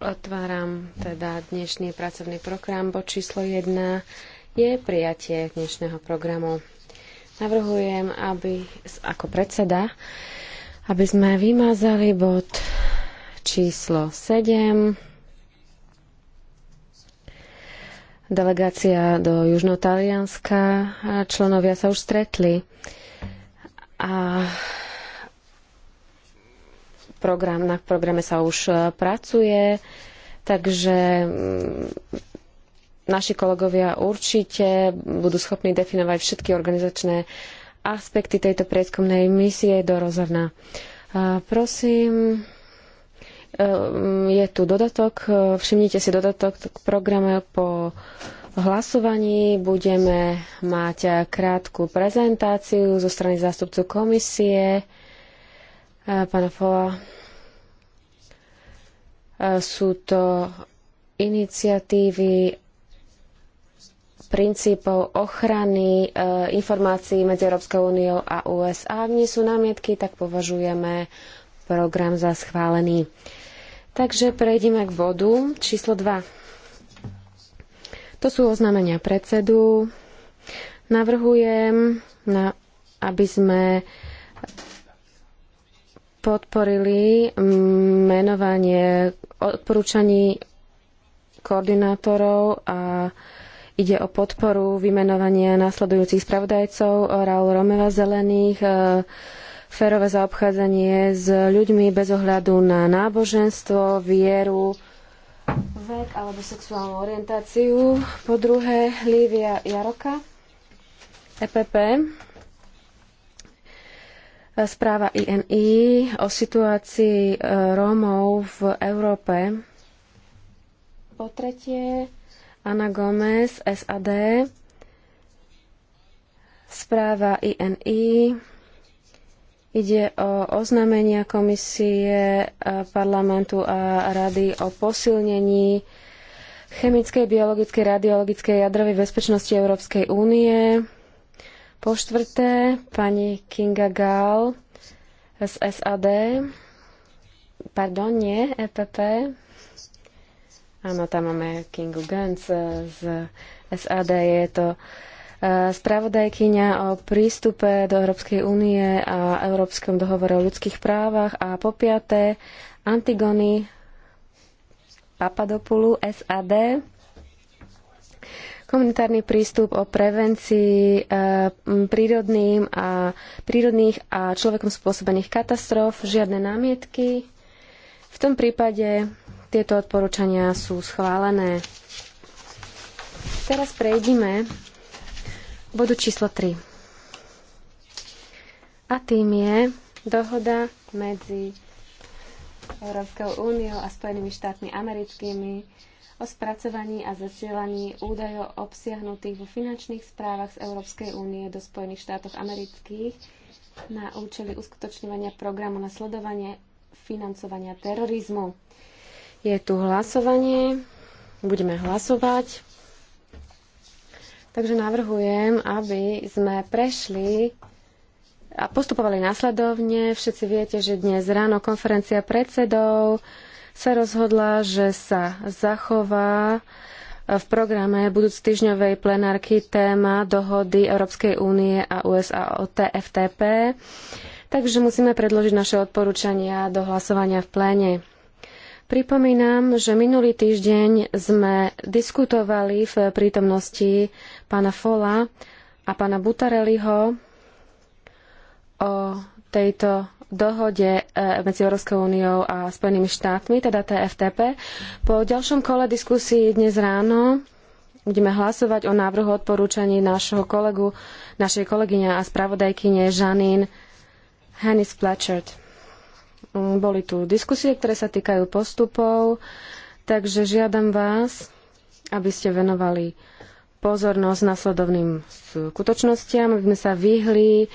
Otváram teda dnešný pracovný program. Bod číslo 1 je prijatie dnešného programu. Navrhujem, aby ako predseda, aby sme vymazali bod číslo 7 Delegácia do Južnotalianska. Členovia sa už stretli. A program, na programe sa už e, pracuje, takže mm, naši kolegovia určite budú schopní definovať všetky organizačné aspekty tejto prieskumnej misie do Rozorna. Prosím, e, mm, je tu dodatok, e, všimnite si dodatok k programe po hlasovaní. Budeme mať krátku prezentáciu zo strany zástupcu komisie, pána Fola sú to iniciatívy princípov ochrany e, informácií medzi Európskou úniou a USA. Ak nie sú námietky, tak považujeme program za schválený. Takže prejdeme k bodu číslo 2. To sú oznámenia predsedu. Navrhujem, na, aby sme podporili mm, menovanie odporúčaní koordinátorov a Ide o podporu vymenovania následujúcich spravodajcov Raul Romeva Zelených, e, férové zaobchádzanie s ľuďmi bez ohľadu na náboženstvo, vieru, vek alebo sexuálnu orientáciu. Po druhé, Lívia Jaroka, EPP, Správa INI o situácii e, Rómov v Európe. Po tretie, Ana Gomez, SAD. Správa INI. Ide o oznámenia komisie e, parlamentu a rady o posilnení chemickej, biologickej, radiologickej jadrovej bezpečnosti Európskej únie. Po štvrté, pani Kinga Gal z SAD. Pardon, nie, EPP. Áno, tam máme Kingu Gens z SAD. Je to e, spravodajkyňa o prístupe do Európskej únie a Európskom dohovore o ľudských právach a po piaté Antigony Papadopoulou SAD komunitárny prístup o prevencii eh, prírodným a, prírodných a človekom spôsobených katastrof, žiadne námietky. V tom prípade tieto odporúčania sú schválené. Teraz prejdime k bodu číslo 3. A tým je dohoda medzi Európskou úniou a Spojenými štátmi americkými o spracovaní a zasielaní údajov obsiahnutých vo finančných správach z Európskej únie do Spojených štátoch amerických na účely uskutočňovania programu na sledovanie financovania terorizmu. Je tu hlasovanie. Budeme hlasovať. Takže navrhujem, aby sme prešli a postupovali následovne. Všetci viete, že dnes ráno konferencia predsedov sa rozhodla, že sa zachová e, v programe budúc týždňovej plenárky téma dohody Európskej únie a USA o TFTP, takže musíme predložiť naše odporúčania do hlasovania v pléne. Pripomínam, že minulý týždeň sme diskutovali v prítomnosti pána Fola a pána Butareliho o tejto dohode e, medzi Európskou úniou a Spojenými štátmi, teda TFTP. Po ďalšom kole diskusí dnes ráno budeme hlasovať o návrhu odporúčaní nášho kolegu, našej kolegyne a spravodajkyne Žanín Hennis Platchard. Mm, boli tu diskusie, ktoré sa týkajú postupov, takže žiadam vás, aby ste venovali pozornosť nasledovným skutočnostiam, aby sme sa vyhli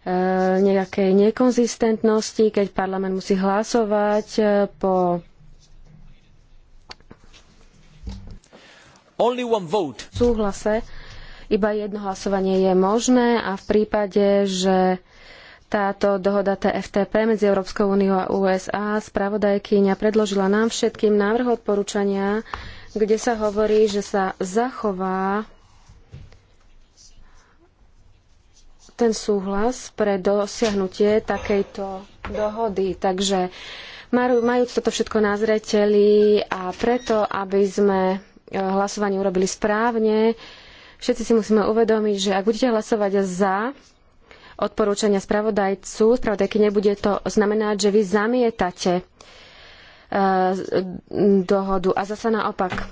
Eh, nejakej nekonzistentnosti, keď parlament musí hlasovať eh, po súhlase. Iba jedno hlasovanie je možné a v prípade, že táto dohoda TFTP medzi Európskou úniou a USA spravodajkyňa predložila nám všetkým návrh odporúčania, kde sa hovorí, že sa zachová ten súhlas pre dosiahnutie takejto dohody. Takže majúc toto všetko na zreteli a preto, aby sme e, hlasovanie urobili správne, všetci si musíme uvedomiť, že ak budete hlasovať za odporúčania spravodajcu, spravodajky nebude to znamenáť, že vy zamietate e, dohodu. A zasa naopak,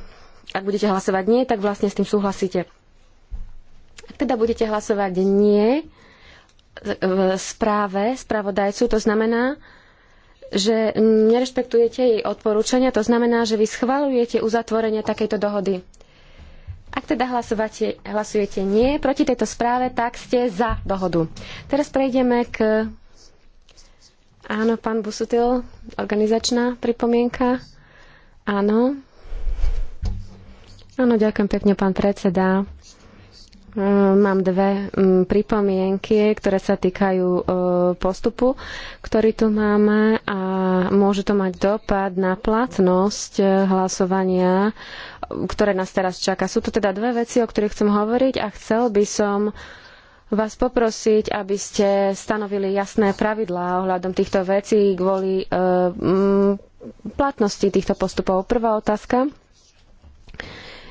ak budete hlasovať nie, tak vlastne s tým súhlasíte. Ak teda budete hlasovať nie, v správe spravodajcu. To znamená, že nerešpektujete jej odporúčania. To znamená, že vy schvaľujete uzatvorenie takejto dohody. Ak teda hlasujete nie proti tejto správe, tak ste za dohodu. Teraz prejdeme k... Áno, pán Busutil, organizačná pripomienka. Áno. Áno, ďakujem pekne, pán predseda. Eh, mám dve mm, pripomienky, ktoré sa týkajú eh, postupu, ktorý tu máme a môže to mať dopad na platnosť eh, hlasovania, ktoré nás teraz čaká. Sú to teda dve veci, o ktorých chcem hovoriť a chcel by som vás poprosiť, aby ste stanovili jasné pravidlá ohľadom týchto vecí kvôli platnosti týchto postupov. Prvá otázka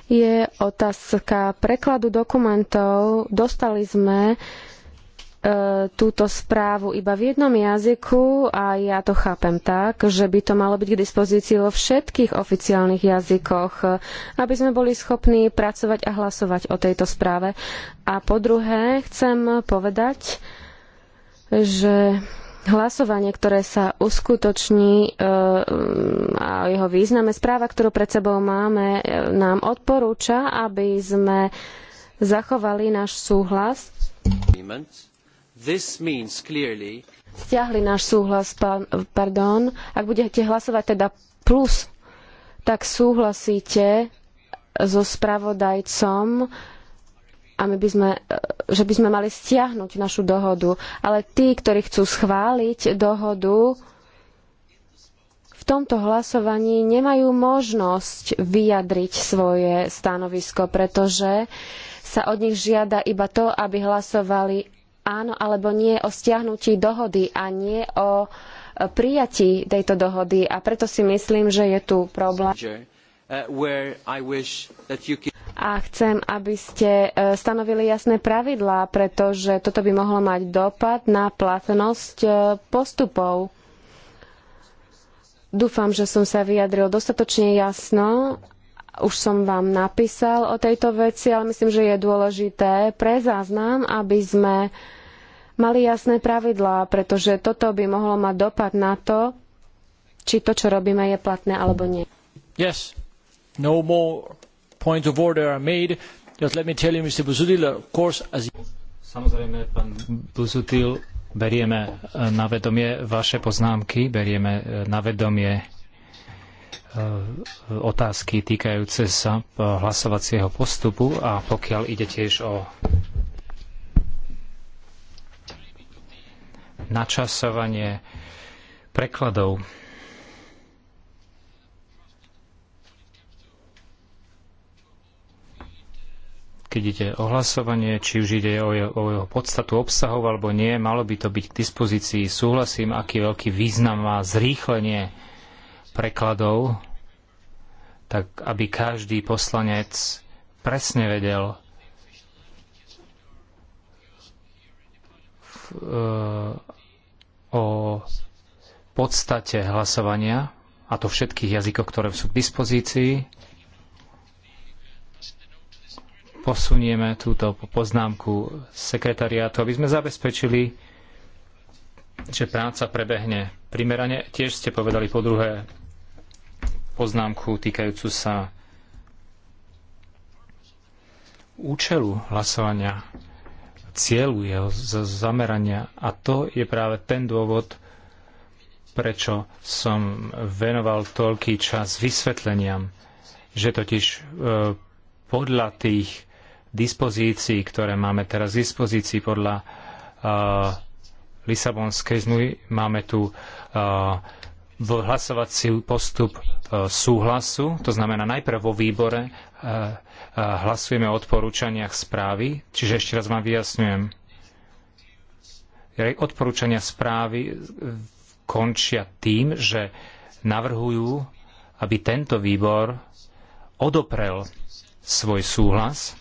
je otázka prekladu dokumentov. Dostali sme e, túto správu iba v jednom jazyku a ja to chápem tak, že by to malo byť k dispozícii vo všetkých oficiálnych jazykoch, aby sme boli schopní pracovať a hlasovať o tejto správe. A po druhé, chcem povedať, že hlasovanie, ktoré sa uskutoční e, a o jeho význame. Správa, ktorú pred sebou máme, e, nám odporúča, aby sme zachovali náš súhlas. Stiahli náš súhlas, pardon. Ak budete hlasovať teda plus, tak súhlasíte so spravodajcom, a my by sme, e, že by sme mali stiahnuť našu dohodu. Ale tí, ktorí chcú schváliť dohodu, v tomto hlasovaní nemajú možnosť vyjadriť svoje stanovisko, pretože sa od nich žiada iba to, aby hlasovali áno alebo nie o stiahnutí dohody a nie o e, prijatí tejto dohody. A preto si myslím, že je tu problém. Uh, A chcem, aby ste uh, stanovili jasné pravidlá, pretože toto by mohlo mať dopad na platnosť uh, postupov. Dúfam, že som sa vyjadril dostatočne jasno. Už som vám napísal o tejto veci, ale myslím, že je dôležité pre záznam, aby sme mali jasné pravidlá, pretože toto by mohlo mať dopad na to, či to, čo robíme, je platné alebo nie. Yes no more points of order are made. Just let me tell you, Mr. Busutil, of course, as... Samozrejme, pán Buzutil, berieme e, na vedomie vaše poznámky, berieme e, na vedomie e, otázky týkajúce sa hlasovacieho postupu a pokiaľ ide tiež o načasovanie prekladov keď ide o hlasovanie, či už ide o jeho, o jeho podstatu obsahov alebo nie, malo by to byť k dispozícii. Súhlasím, aký veľký význam má zrýchlenie prekladov, tak aby každý poslanec presne vedel, e, o podstate hlasovania, a to všetkých jazykov, ktoré sú k dispozícii, posunieme túto poznámku sekretariátu, aby sme zabezpečili, že práca prebehne primerane. Tiež ste povedali po druhé poznámku týkajúcu sa účelu hlasovania, cieľu jeho zamerania. A to je práve ten dôvod, prečo som venoval toľký čas vysvetleniam, že totiž e, podľa tých dispozícií, ktoré máme teraz v dispozícii podľa uh, Lisabonskej zmluvy. Máme tu uh, hlasovací postup uh, súhlasu, to znamená najprv vo výbore hlasujeme o odporúčaniach správy, čiže ešte raz vám vyjasňujem. Odporúčania správy končia tým, že navrhujú, aby tento výbor odoprel svoj súhlas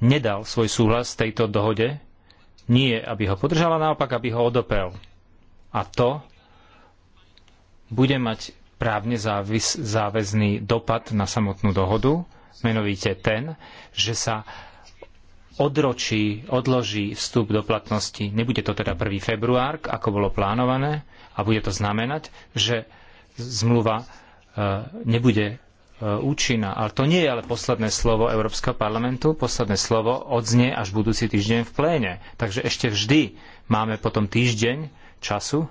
nedal svoj súhlas tejto dohode, nie aby ho podržala, naopak aby ho odoprel. A to bude mať právne závis, záväzný dopad na samotnú dohodu, menovite ten, že sa odročí, odloží vstup do platnosti. Nebude to teda 1. február, ako bolo plánované, a bude to znamenať, že zmluva e, nebude E, účinná. Ale to nie je ale posledné slovo Európskeho parlamentu, posledné slovo odznie až budúci týždeň v pléne. Takže ešte vždy máme potom týždeň času.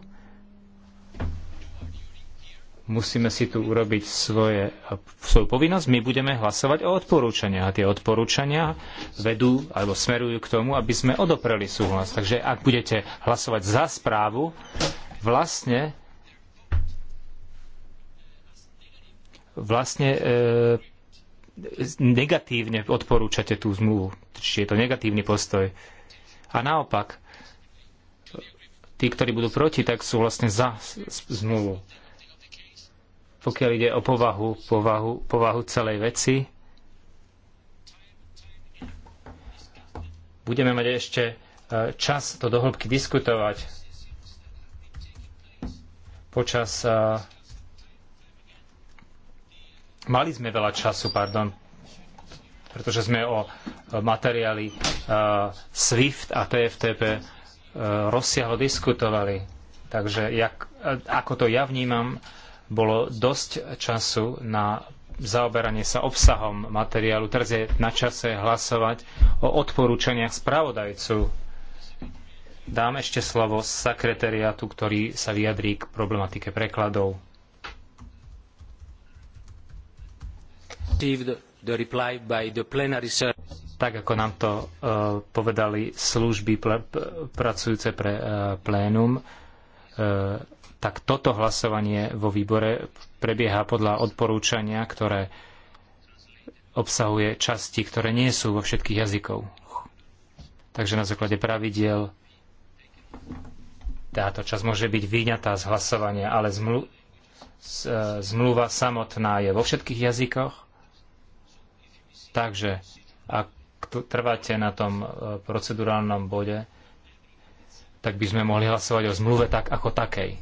Musíme si tu urobiť svoje, svoju povinnosť. My budeme hlasovať o odporúčaniach. A tie odporúčania vedú alebo smerujú k tomu, aby sme odopreli súhlas. Takže ak budete hlasovať za správu, vlastne vlastne e, negatívne odporúčate tú zmluvu. Či je to negatívny postoj. A naopak, tí, ktorí budú proti, tak sú vlastne za zmluvu. Pokiaľ ide o povahu, povahu, povahu celej veci, budeme mať ešte e, čas to dohlbky diskutovať počas e, Mali sme veľa času, pardon, pretože sme o e, materiáli e, SWIFT a TFTP e, rozsiahlo diskutovali. Takže jak, ako to ja vnímam, bolo dosť času na zaoberanie sa obsahom materiálu. Teraz je na čase hlasovať o odporúčaniach spravodajcu. Dám ešte slovo sekretariátu, ktorý sa vyjadrí k problematike prekladov. tak ako nám to uh, povedali služby pl- pracujúce pre uh, plénum, uh, tak toto hlasovanie vo výbore prebieha podľa odporúčania, ktoré obsahuje časti, ktoré nie sú vo všetkých jazykoch. Takže na základe pravidiel táto časť môže byť vyňatá z hlasovania, ale zmlu- z, uh, zmluva samotná je vo všetkých jazykoch Takže ak trváte na tom e, procedurálnom bode, tak by sme mohli hlasovať o zmluve tak ako takej.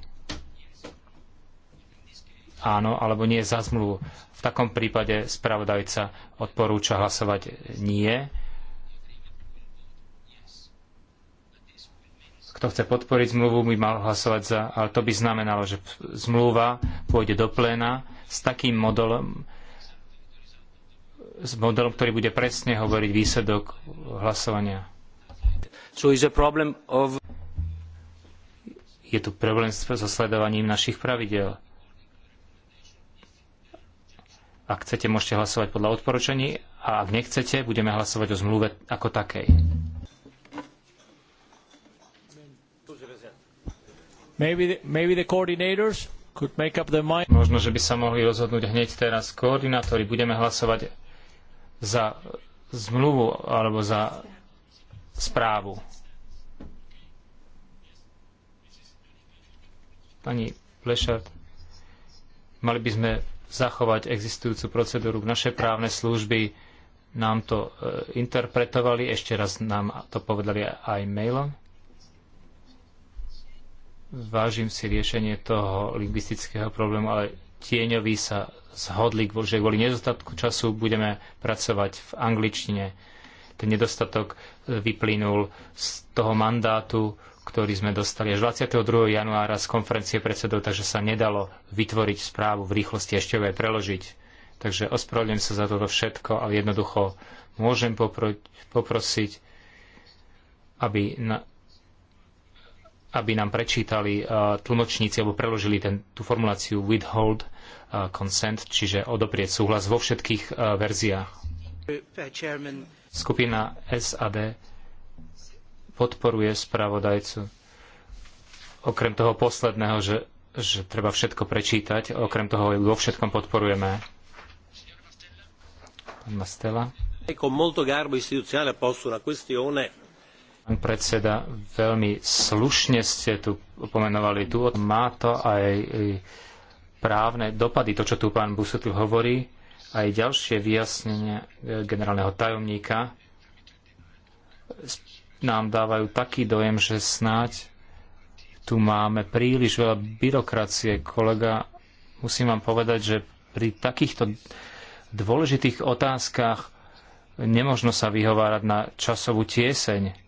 Áno alebo nie za zmluvu. V takom prípade spravodajca odporúča hlasovať nie. Kto chce podporiť zmluvu, by mal hlasovať za, ale to by znamenalo, že zmluva pôjde do pléna s takým modelom, s modelom, ktorý bude presne hovoriť výsledok hlasovania. So of... Je tu problém so sledovaním našich pravidel. Ak chcete, môžete hlasovať podľa odporúčaní a ak nechcete, budeme hlasovať o zmluve ako takej. Maybe the, maybe the Možno, že by sa mohli rozhodnúť hneď teraz koordinátori. Budeme hlasovať za zmluvu alebo za správu. Pani Plešard, mali by sme zachovať existujúcu procedúru. Naše právne služby nám to e, interpretovali, ešte raz nám to povedali aj mailom. Vážim si riešenie toho lingvistického problému, ale tieňoví sa zhodli, že kvôli nedostatku času budeme pracovať v angličtine. Ten nedostatok e, vyplynul z toho mandátu, ktorý sme dostali až 22. januára z konferencie predsedov, takže sa nedalo vytvoriť správu v rýchlosti ešte aj preložiť. Takže ospravedlňujem sa za toto všetko, ale jednoducho môžem poprosiť, aby na, aby nám prečítali uh, tlmočníci alebo preložili ten, tú formuláciu withhold uh, consent, čiže odoprieť súhlas vo všetkých uh, verziách. Skupina SAD podporuje spravodajcu. Okrem toho posledného, že, že treba všetko prečítať, okrem toho vo všetkom podporujeme. Pán Mastela. Con molto garbo istituzionale posto una questione Pán predseda, veľmi slušne ste tu pomenovali tu. Má to aj e, právne dopady, to, čo tu pán Busutil hovorí, aj ďalšie vyjasnenia e, generálneho tajomníka nám dávajú taký dojem, že snáď tu máme príliš veľa byrokracie. Kolega, musím vám povedať, že pri takýchto dôležitých otázkach nemožno sa vyhovárať na časovú tieseň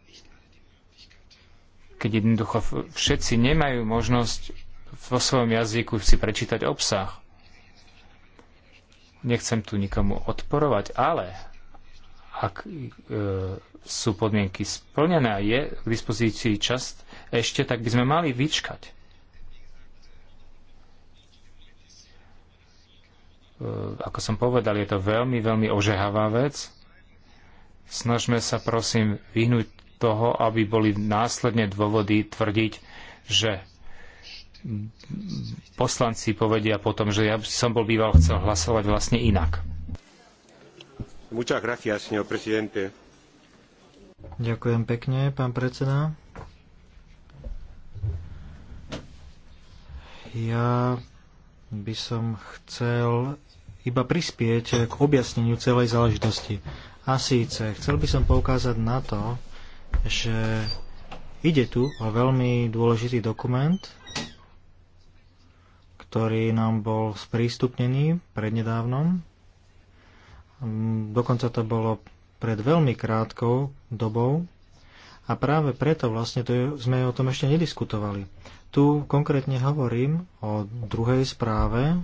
keď jednoducho všetci nemajú možnosť vo svojom jazyku si prečítať obsah. Nechcem tu nikomu odporovať, ale ak e, sú podmienky splnené a je k dispozícii čas ešte, tak by sme mali vyčkať. E, ako som povedal, je to veľmi, veľmi ožehavá vec. Snažme sa prosím vyhnúť toho, aby boli následne dôvody tvrdiť, že poslanci povedia potom, že ja som bol býval chcel hlasovať vlastne inak. Gracias, Ďakujem pekne, pán predseda. Ja by som chcel iba prispieť k objasneniu celej záležitosti. A síce, chcel by som poukázať na to, že ide tu o veľmi dôležitý dokument, ktorý nám bol sprístupnený prednedávnom. Mm, dokonca to bolo pred veľmi krátkou dobou a práve preto vlastne to, sme o tom ešte nediskutovali. Tu konkrétne hovorím o druhej správe,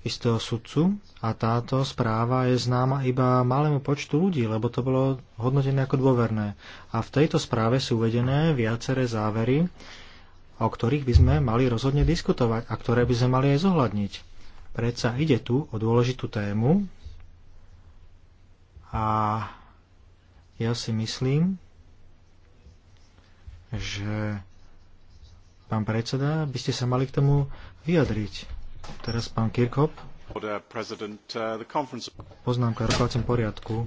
istého sudcu a táto správa je známa iba malému počtu ľudí, lebo to bolo hodnotené ako dôverné. A v tejto správe sú uvedené viaceré závery, o ktorých by sme mali rozhodne diskutovať a ktoré by sme mali aj zohľadniť. Predsa ide tu o dôležitú tému a ja si myslím, že pán predseda, by ste sa mali k tomu vyjadriť. Teraz pán Kirchhoff. Uh, Poznámka rokovacím poriadku.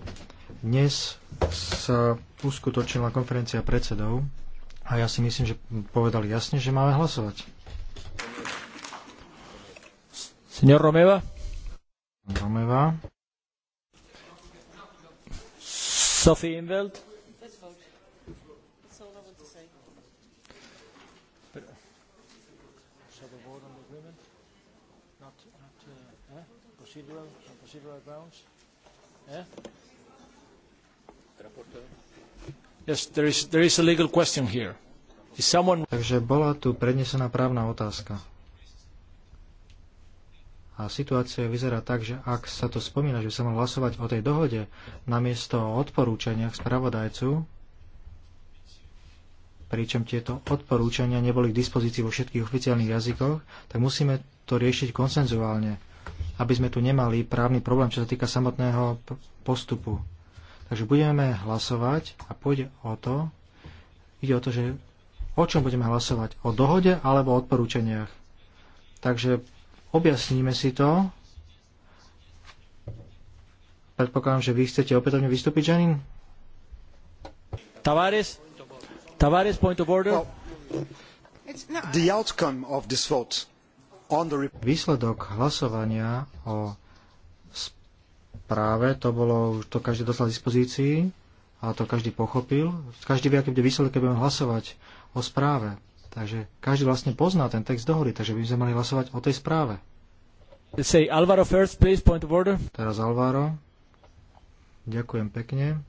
Dnes sa uskutočnila konferencia predsedov a ja si myslím, že povedali jasne, že máme hlasovať. Romeva. Romeva. Sophie Inveld. procedural, on procedural grounds? Yeah? Yes, there is, there is a legal question here. Is someone... Takže bola tu prednesená právna otázka. A situácia vyzerá tak, že ak sa to spomína, že sa mal hlasovať o tej dohode namiesto o odporúčaniach spravodajcu, pričom tieto odporúčania neboli k dispozícii vo všetkých oficiálnych jazykoch, tak musíme to riešiť konsenzuálne aby sme tu nemali právny problém, čo sa týka samotného postupu. Takže budeme hlasovať a pôjde o to, ide o to, že o čom budeme hlasovať? O dohode alebo o odporúčaniach? Takže objasníme si to. Predpokladám, že vy chcete opätovne vystúpiť, Janin? Tavares? Tavares, point of order? Well, the outcome of this vote Výsledok hlasovania o správe, to bolo, to každý dostal dispozícii a to každý pochopil. Každý vie, aký bude výsledok, keď budeme hlasovať o správe. Takže každý vlastne pozná ten text dohody, takže by sme mali hlasovať o tej správe. Say Alvaro first, please, point of order. Teraz Alvaro. Ďakujem pekne.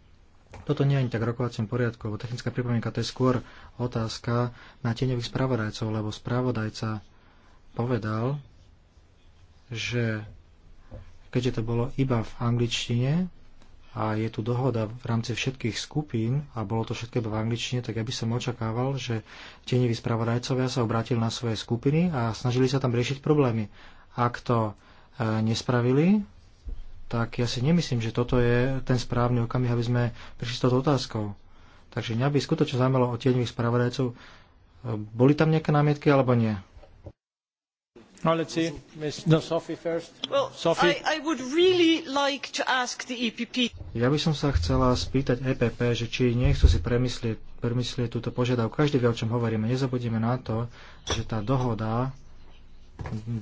Toto nie je ani tak rokovacím poriadku, lebo technická pripomienka to je skôr otázka na tieňových spravodajcov, lebo spravodajca povedal, že keďže to bolo iba v angličtine a je tu dohoda v rámci všetkých skupín a bolo to všetko iba v angličtine, tak ja by som očakával, že tieňoví spravodajcovia sa obrátili na svoje skupiny a snažili sa tam riešiť problémy. Ak to e, nespravili, tak ja si nemyslím, že toto je ten správny okamih, aby sme prišli s touto otázkou. Takže mňa by skutočne zaujímalo o tieňových spravodajcov, e, boli tam nejaké námietky alebo nie? Ja by som sa chcela spýtať EPP, že či nechcú si premyslieť, premyslieť túto požiadavku. Každý vie, o čom hovoríme. Nezabudíme na to, že tá dohoda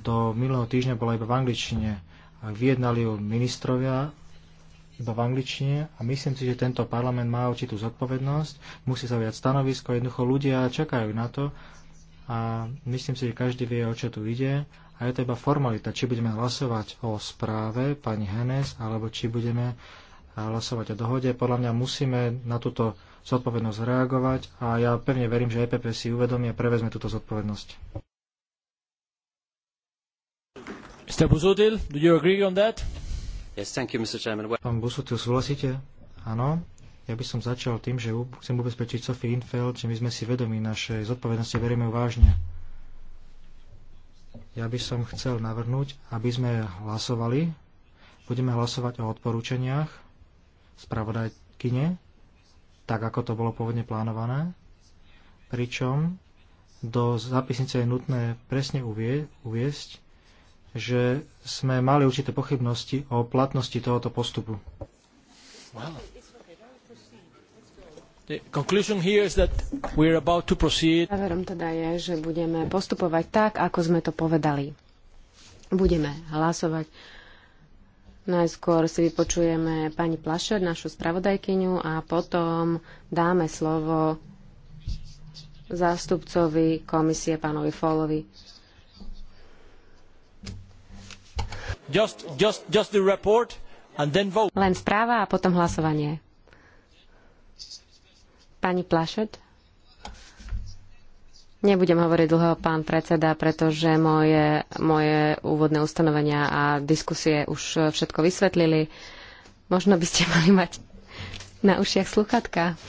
do minulého týždňa bola iba v angličtine. A vyjednali ju ministrovia iba v angličtine a myslím si, že tento parlament má určitú zodpovednosť, musí zaujať stanovisko, jednoducho ľudia čakajú na to, a myslím si, že každý vie, o čo tu ide a je to iba formalita, či budeme hlasovať o správe pani Henes alebo či budeme hlasovať o dohode. Podľa mňa musíme na túto zodpovednosť reagovať a ja pevne verím, že EPP si uvedomí a prevezme túto zodpovednosť. Mr. Busutil, do you agree on that? Yes, thank you, Mr. Chairman. Pán Busutil, súhlasíte? Áno. Ja by som začal tým, že chcem ubezpečiť Sophie Infeld, že my sme si vedomi našej zodpovednosti, veríme vážne. Ja by som chcel navrhnúť, aby sme hlasovali. Budeme hlasovať o odporúčaniach spravodajkyne, tak ako to bolo pôvodne plánované. Pričom do zápisnice je nutné presne uvie, uviesť, že sme mali určité pochybnosti o platnosti tohoto postupu. Wow. The conclusion here is that about to proceed. Záverom teda je, že budeme postupovať tak, ako sme to povedali. Budeme hlasovať. Najskôr si vypočujeme pani Plašer, našu spravodajkyňu, a potom dáme slovo zástupcovi komisie, pánovi Fallovi. Just, just, just Len správa a potom hlasovanie. Pani Plašet? Nebudem hovoriť dlho, pán predseda, pretože moje, moje úvodné ustanovenia a diskusie už všetko vysvetlili. Možno by ste mali mať na ušiach sluchatka.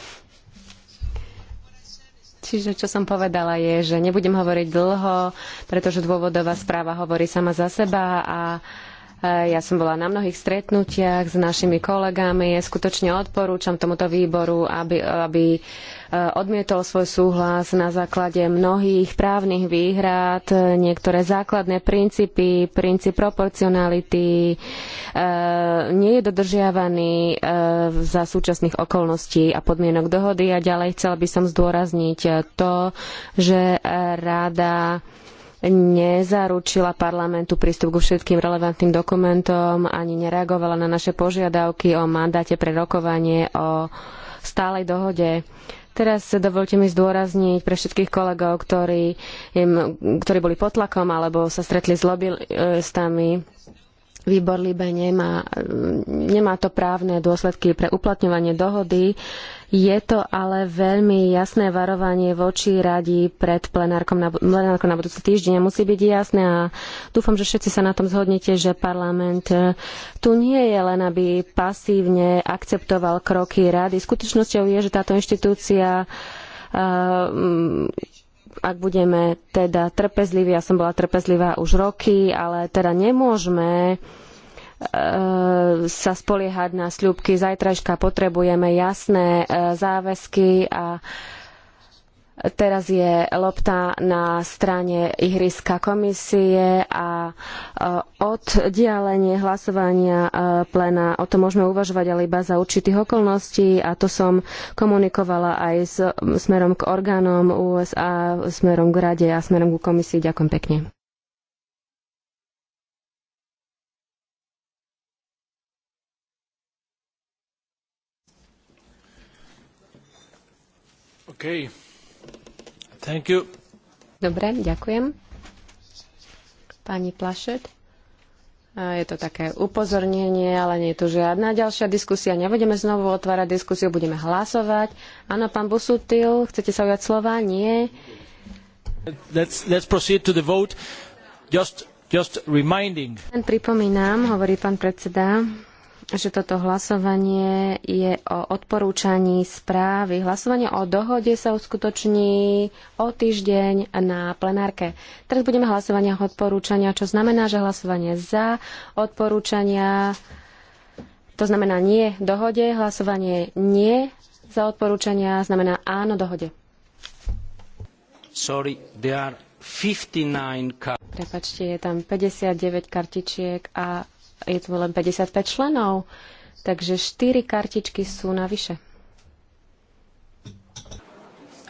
Čiže čo som povedala je, že nebudem hovoriť dlho, pretože dôvodová správa hovorí sama za seba a uh, Eh, ja som bola na mnohých stretnutiach s našimi kolegami. Skutočne odporúčam tomuto výboru, aby, aby eh, odmietol svoj súhlas na základe mnohých právnych výhrad, niektoré základné princípy, princíp proporcionality eh, nie je dodržiavaný za súčasných okolností a podmienok dohody. A ďalej chcela by som zdôrazniť to, že rada nezaručila parlamentu prístup ku všetkým relevantným dokumentom, ani nereagovala na naše požiadavky o mandáte pre rokovanie o stálej dohode. Teraz dovolte mi zdôrazniť pre všetkých kolegov, ktorí, ktorí boli pod tlakom alebo sa stretli s lobbyistami, e, Výbor Libe nemá, nemá to právne dôsledky pre uplatňovanie dohody. Je to ale veľmi jasné varovanie voči radi pred plenárkom na, plenárkom na budúci týždeň. Musí byť jasné a dúfam, že všetci sa na tom zhodnete, že parlament e, tu nie je len, aby pasívne akceptoval kroky rady. Skutočnosťou je, že táto inštitúcia uh, ak budeme teda trpezliví, ja som bola trpezlivá už roky, ale teda nemôžeme e, sa spoliehať na sľubky. Zajtrajška potrebujeme jasné e, záväzky a Teraz je lopta na strane ihriska komisie a e, oddialenie hlasovania e, plena, o tom môžeme uvažovať ale iba za určitých okolností a to som komunikovala aj s, smerom k orgánom USA, smerom k rade a smerom ku komisii. Ďakujem pekne. Okay. Thank you. Dobre, ďakujem. Pani Plašet. Je to také upozornenie, ale nie je to žiadna ďalšia diskusia. Nebudeme znovu otvárať diskusiu, budeme hlasovať. Áno, pán Busutil, chcete sa ujať slova? Nie. Let's, let's proceed to the vote. Just, just reminding. Len pripomínam, hovorí pán predseda, že toto hlasovanie je o odporúčaní správy. Hlasovanie o dohode sa uskutoční o týždeň na plenárke. Teraz budeme hlasovanie o odporúčania, čo znamená, že hlasovanie za odporúčania, to znamená nie dohode, hlasovanie nie za odporúčania, znamená áno dohode. Sorry, there are 59 Prepačte, je tam 59 kartičiek a je tu len 55 členov, takže 4 kartičky sú navyše.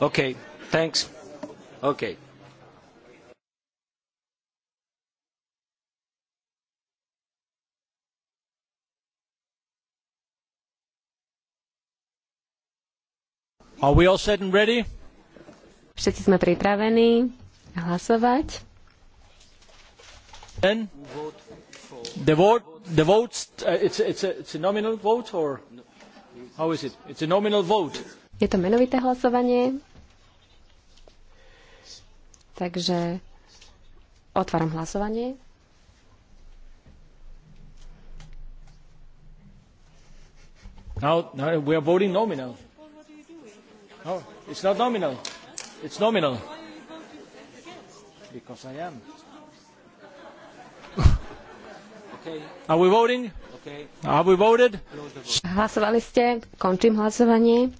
OK, thanks. OK. Are we all set and ready? Všetci sme pripravení hlasovať. Then? The vote, the votes, uh, it's, it's, a, it's a nominal vote or how is it? It's a nominal vote. Je to menovité hlasovanie. Takže otváram hlasovanie. Now, now we are voting nominal. No, it's not nominal. It's nominal. Because I am. Are we voting? we voted? Hlasovali ste? Končím hlasovanie.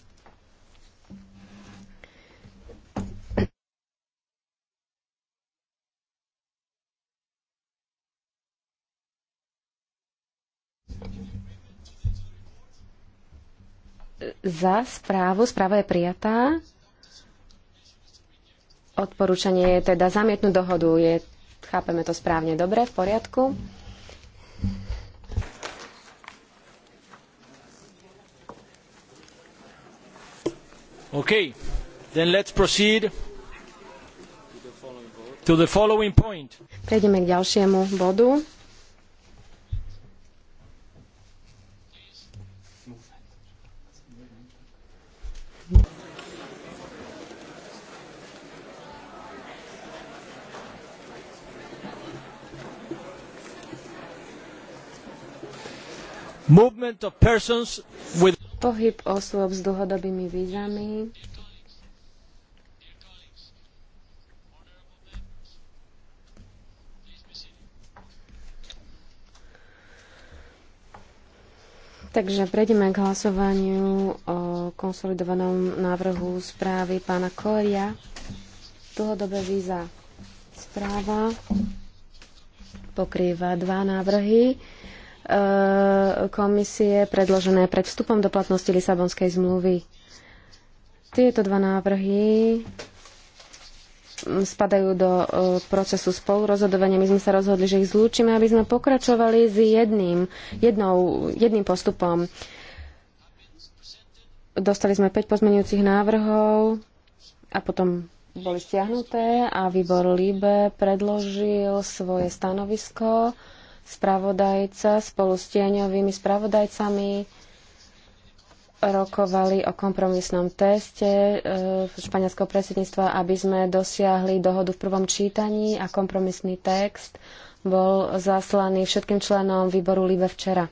za správu. Správa je prijatá. Odporúčanie je teda zamietnúť dohodu. Je, chápeme to správne. Dobre, v poriadku. Okay, then let's proceed to the following point. Prejdeme k ďalšiemu bodu. Movement of persons with pohyb osôb s dlhodobými vízami. Takže prejdeme k hlasovaniu o konsolidovanom návrhu správy pána Koria. Dlhodobé víza správa pokrýva dva návrhy. E, komisie predložené pred vstupom do platnosti Lisabonskej zmluvy. Tieto dva návrhy spadajú do e, procesu spolurozhodovania. My sme sa rozhodli, že ich zlúčime, aby sme pokračovali s jedným, jednou, jedným postupom. Dostali sme 5 pozmenujúcich návrhov a potom boli stiahnuté a výbor Libe predložil svoje stanovisko spravodajca spolu s tieňovými spravodajcami rokovali o kompromisnom teste e, španielského predsedníctva, aby sme dosiahli dohodu v prvom čítaní a kompromisný text bol zaslaný všetkým členom výboru LIBE včera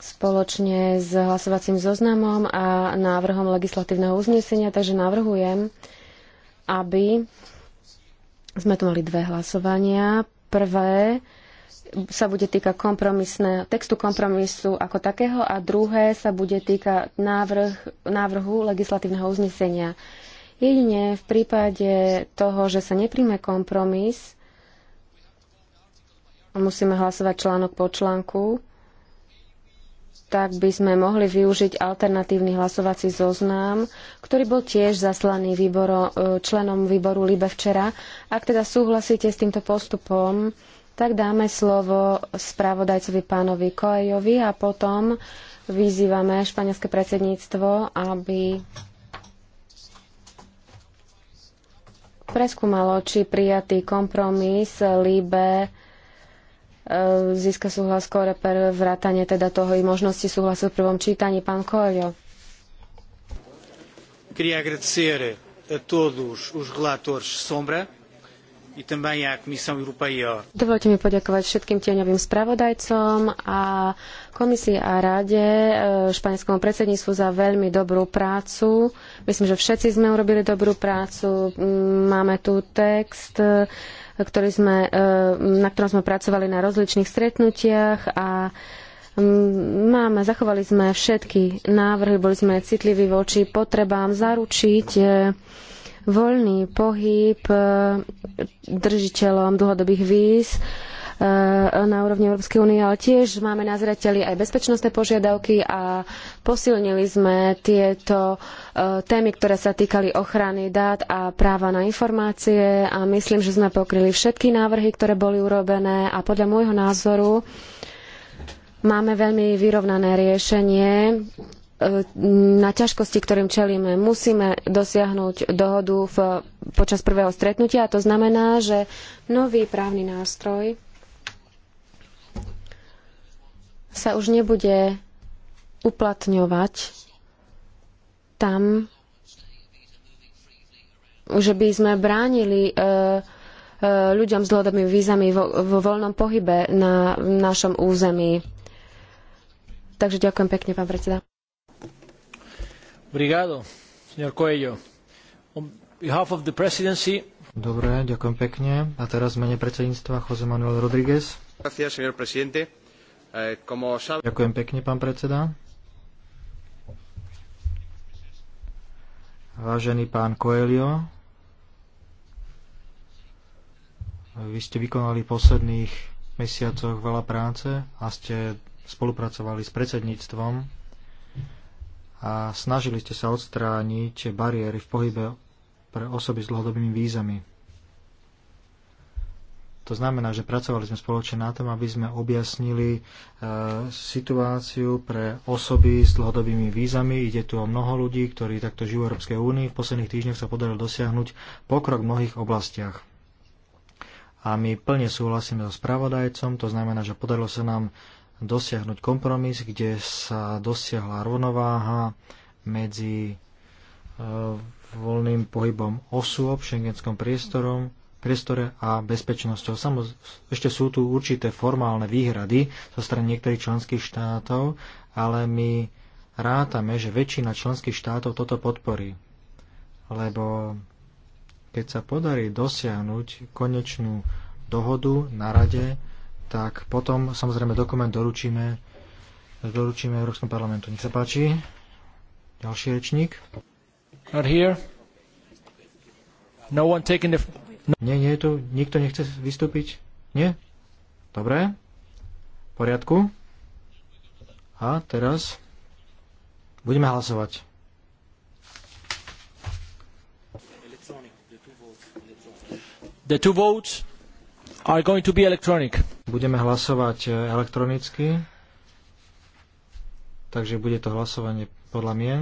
spoločne s hlasovacím zoznamom a návrhom legislatívneho uznesenia, takže navrhujem, aby sme tu mali dve hlasovania. Prvé sa bude týka kompromisné, textu kompromisu ako takého a druhé sa bude týka návrh, návrhu legislatívneho uznesenia. Jedine v prípade toho, že sa nepríjme kompromis, musíme hlasovať článok po článku tak by sme mohli využiť alternatívny hlasovací zoznam, ktorý bol tiež zaslaný výboro, e, členom výboru LIBE včera. Ak teda súhlasíte s týmto postupom, tak dáme slovo spravodajcovi pánovi Koejovi a potom vyzývame španielské predsedníctvo, aby preskúmalo, či prijatý kompromis LIBE Eh, získa súhlas koreper vrátane teda toho i možnosti súhlasu v prvom čítaní. Pán koelio. Queria agradecer a todos os relatores sombra e também à Comissão Europeia. Dovolte mi poďakovať všetkým tieňovým spravodajcom a komisii a rade, eh, španielskému predsedníctvu za veľmi dobrú prácu. Myslím, že všetci sme urobili dobrú prácu. Mm, máme tu text, eh, ktorý sme, eh, na ktorom sme pracovali na rozličných stretnutiach a mm, máme, zachovali sme všetky návrhy, boli sme citliví voči potrebám zaručiť eh, voľný pohyb eh, držiteľom dlhodobých víz Eh, na úrovni Európskej únie, ale tiež máme na zreteli aj bezpečnostné požiadavky a posilnili sme tieto eh, témy, ktoré sa týkali ochrany dát a práva na informácie a myslím, že sme pokryli všetky návrhy, ktoré boli urobené a podľa môjho názoru máme veľmi vyrovnané riešenie eh, na ťažkosti, ktorým čelíme, musíme dosiahnuť dohodu v, počas prvého stretnutia a to znamená, že nový právny nástroj sa už nebude uplatňovať tam, že by sme bránili e, e, ľuďom s dlhodobými vízami vo, vo voľnom pohybe na našom území. Takže ďakujem pekne, pán predseda. Brigado, señor Coelho. On behalf of the presidency... Dobre, ďakujem pekne. A teraz mene predsedníctva Jose Manuel Rodríguez. Gracias, señor presidente. Eh, Ďakujem pekne, pán predseda. Vážený pán Coelho, vy ste vykonali v posledných mesiacoch veľa práce a ste spolupracovali s predsedníctvom a snažili ste sa odstrániť bariéry v pohybe pre osoby s dlhodobými vízami. To znamená, že pracovali sme spoločne na tom, aby sme objasnili e, situáciu pre osoby s dlhodobými vízami. Ide tu o mnoho ľudí, ktorí takto žijú v Európskej únii. V posledných týždňoch sa podarilo dosiahnuť pokrok v mnohých oblastiach. A my plne súhlasíme so spravodajcom, to znamená, že podarilo sa nám dosiahnuť kompromis, kde sa dosiahla rovnováha medzi e, voľným pohybom osôb, šengenskom priestorom priestore a bezpečnosťou. Samozrejme, ešte sú tu určité formálne výhrady zo strany niektorých členských štátov, ale my rátame, že väčšina členských štátov toto podporí. Lebo keď sa podarí dosiahnuť konečnú dohodu na rade, tak potom samozrejme dokument doručíme, doručíme Európskom parlamentu. Nech sa páči. Ďalší rečník. Not here. No one taking the No, nie, nie je tu. Nikto nechce vystúpiť? Nie? Dobre. V poriadku. A teraz budeme hlasovať. The two votes are going to be electronic. Budeme hlasovať e, elektronicky. Takže bude to hlasovanie podľa mien.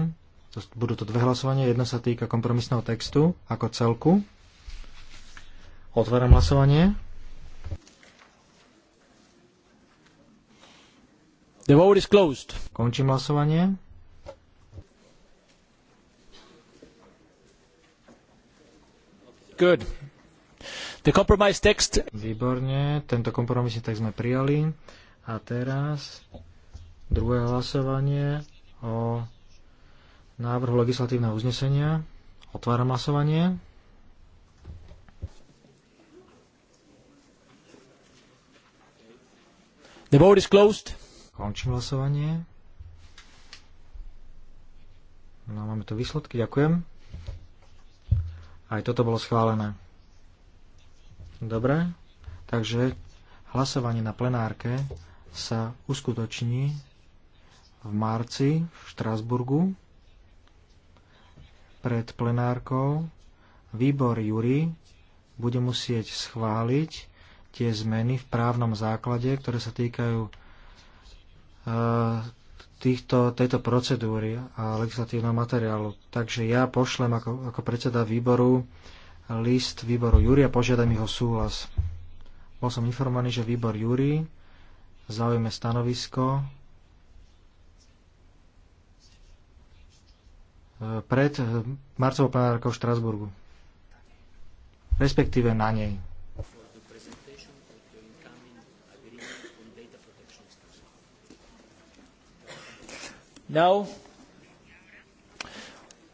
Budú to dve hlasovania. Jedno sa týka kompromisného textu ako celku. Otváram hlasovanie. The vote is closed. Končím hlasovanie. Good. The compromise text. Výborne, tento kompromisný text sme prijali. A teraz druhé hlasovanie o návrhu legislatívneho uznesenia. Otváram hlasovanie. The vote is closed. Končím hlasovanie. No, máme tu výsledky, ďakujem. Aj toto bolo schválené. Dobre, takže hlasovanie na plenárke sa uskutoční v marci v Štrásburgu pred plenárkou výbor Jury bude musieť schváliť tie zmeny v právnom základe, ktoré sa týkajú e, týchto, tejto procedúry a legislatívneho materiálu. Takže ja pošlem ako, ako predseda výboru list výboru Júria a požiadam jeho súhlas. Bol som informovaný, že výbor Júri zaujme stanovisko e, pred marcovou plenárkou v Štrasburgu. Respektíve na nej. Now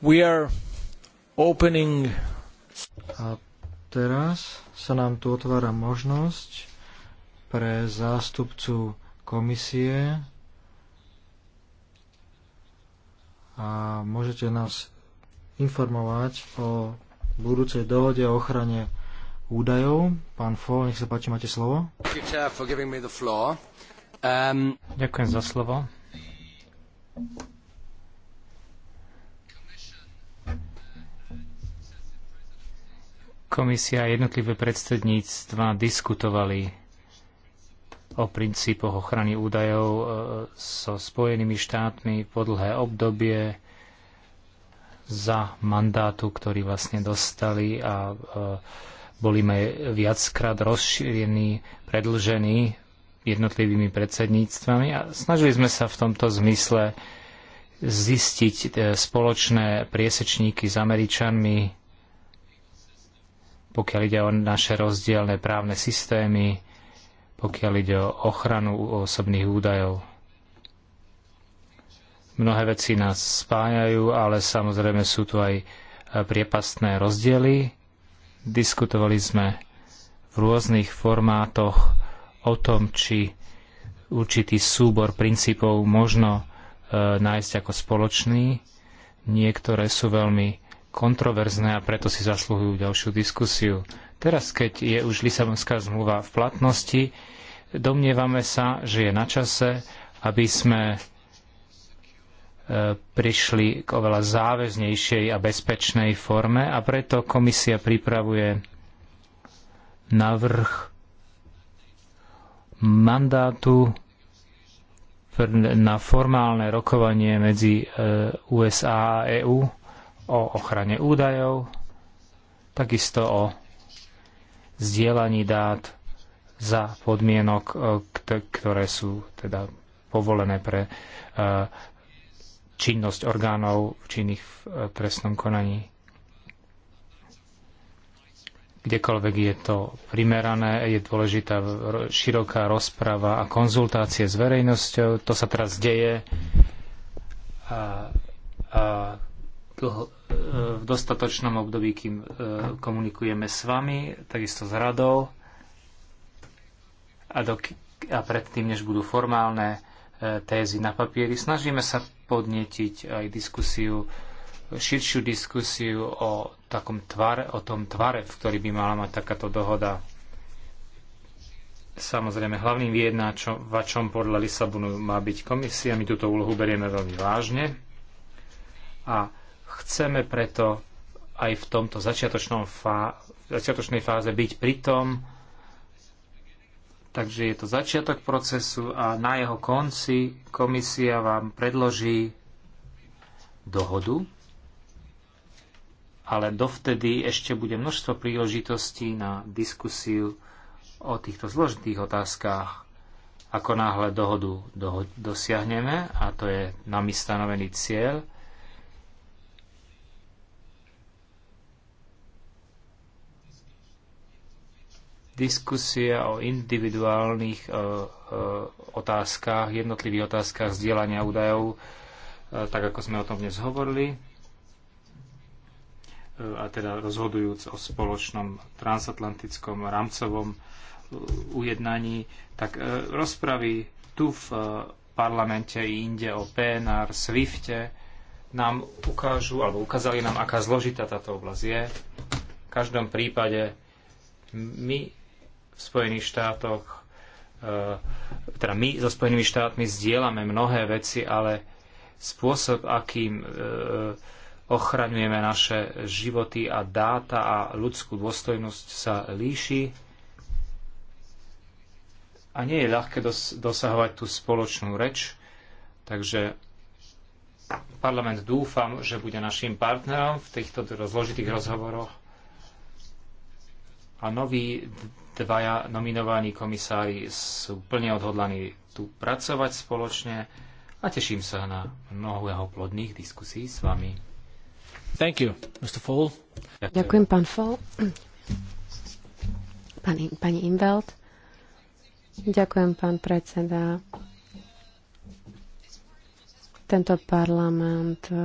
we are opening a teraz sa nám tu otvára možnosť pre zástupcu komisie a môžete nás informovať o budúcej dohode o ochrane údajov. Pán Fo, nech sa páči, máte slovo. Um, Ďakujem za slovo. Komisia a jednotlivé predsedníctva diskutovali o princípoch ochrany údajov e, so Spojenými štátmi po dlhé obdobie za mandátu, ktorý vlastne dostali a e, boli sme viackrát rozšírení, predlžení jednotlivými predsedníctvami a snažili sme sa v tomto zmysle zistiť e, spoločné priesečníky s Američanmi, pokiaľ ide o naše rozdielne právne systémy, pokiaľ ide o ochranu osobných údajov. Mnohé veci nás spájajú, ale samozrejme sú tu aj e, priepastné rozdiely. Diskutovali sme v rôznych formátoch o tom, či určitý súbor princípov možno e, nájsť ako spoločný. Niektoré sú veľmi kontroverzné a preto si zasluhujú ďalšiu diskusiu. Teraz, keď je už Lisabonská zmluva v platnosti, domnievame sa, že je na čase, aby sme e, prišli k oveľa záväznejšej a bezpečnej forme a preto komisia pripravuje navrh mandátu na formálne rokovanie medzi e, USA a EÚ o ochrane údajov, takisto o zdieľaní dát za podmienok, e, ktoré sú teda povolené pre e, činnosť orgánov činných v trestnom konaní kdekoľvek je to primerané, je dôležitá široká rozprava a konzultácie s verejnosťou. To sa teraz deje a, a dlho, e, v dostatočnom období, kým e, komunikujeme s vami, takisto s radou a, do, a predtým, než budú formálne e, tézy na papieri, snažíme sa podnetiť aj diskusiu, širšiu diskusiu o takom tvare, o tom tvare, v ktorý by mala mať takáto dohoda. Samozrejme, hlavným vyjednáčom podľa Lisabonu má byť komisia. My túto úlohu berieme veľmi vážne a chceme preto aj v tomto začiatočnom fá- začiatočnej fáze byť pritom. Takže je to začiatok procesu a na jeho konci komisia vám predloží dohodu, ale dovtedy ešte bude množstvo príležitostí na diskusiu o týchto zložitých otázkach. Ako náhle dohodu do, dosiahneme, a to je nami stanovený cieľ, Diskusia o individuálnych e, e, otázkach, jednotlivých otázkach zdieľania údajov, e, tak ako sme o tom dnes hovorili, a teda rozhodujúc o spoločnom transatlantickom rámcovom uh, ujednaní, tak uh, rozpravy tu v uh, parlamente i inde o PNR, SWIFTe nám ukážu, alebo ukázali nám, aká zložitá táto oblasť je. V každom prípade my v Spojených štátoch, teda my so Spojenými štátmi zdieľame mnohé veci, ale spôsob, akým ochraňujeme naše životy a dáta a ľudskú dôstojnosť sa líši a nie je ľahké dos- dosahovať tú spoločnú reč, takže parlament dúfam, že bude našim partnerom v týchto rozložitých rozhovoroch a noví dvaja nominovaní komisári sú plne odhodlaní tu pracovať spoločne a teším sa na mnoho jeho plodných diskusí s vami. Thank you, Mr. Fall. Ďakujem, pán Fall. Pani, pani Inveld. Ďakujem, pán predseda. Tento parlament eh,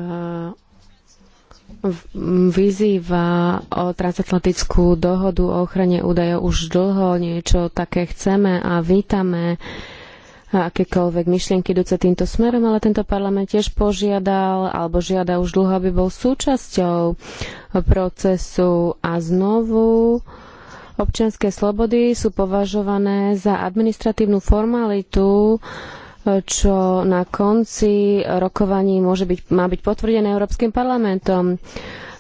vyzýva o transatlantickú dohodu o ochrane údajov už dlho. Niečo také chceme a vítame a akékoľvek myšlienky idúce týmto smerom, ale tento parlament tiež požiadal alebo žiada už dlho, aby bol súčasťou procesu a znovu občianske slobody sú považované za administratívnu formalitu, čo na konci rokovaní môže byť, má byť potvrdené Európskym parlamentom.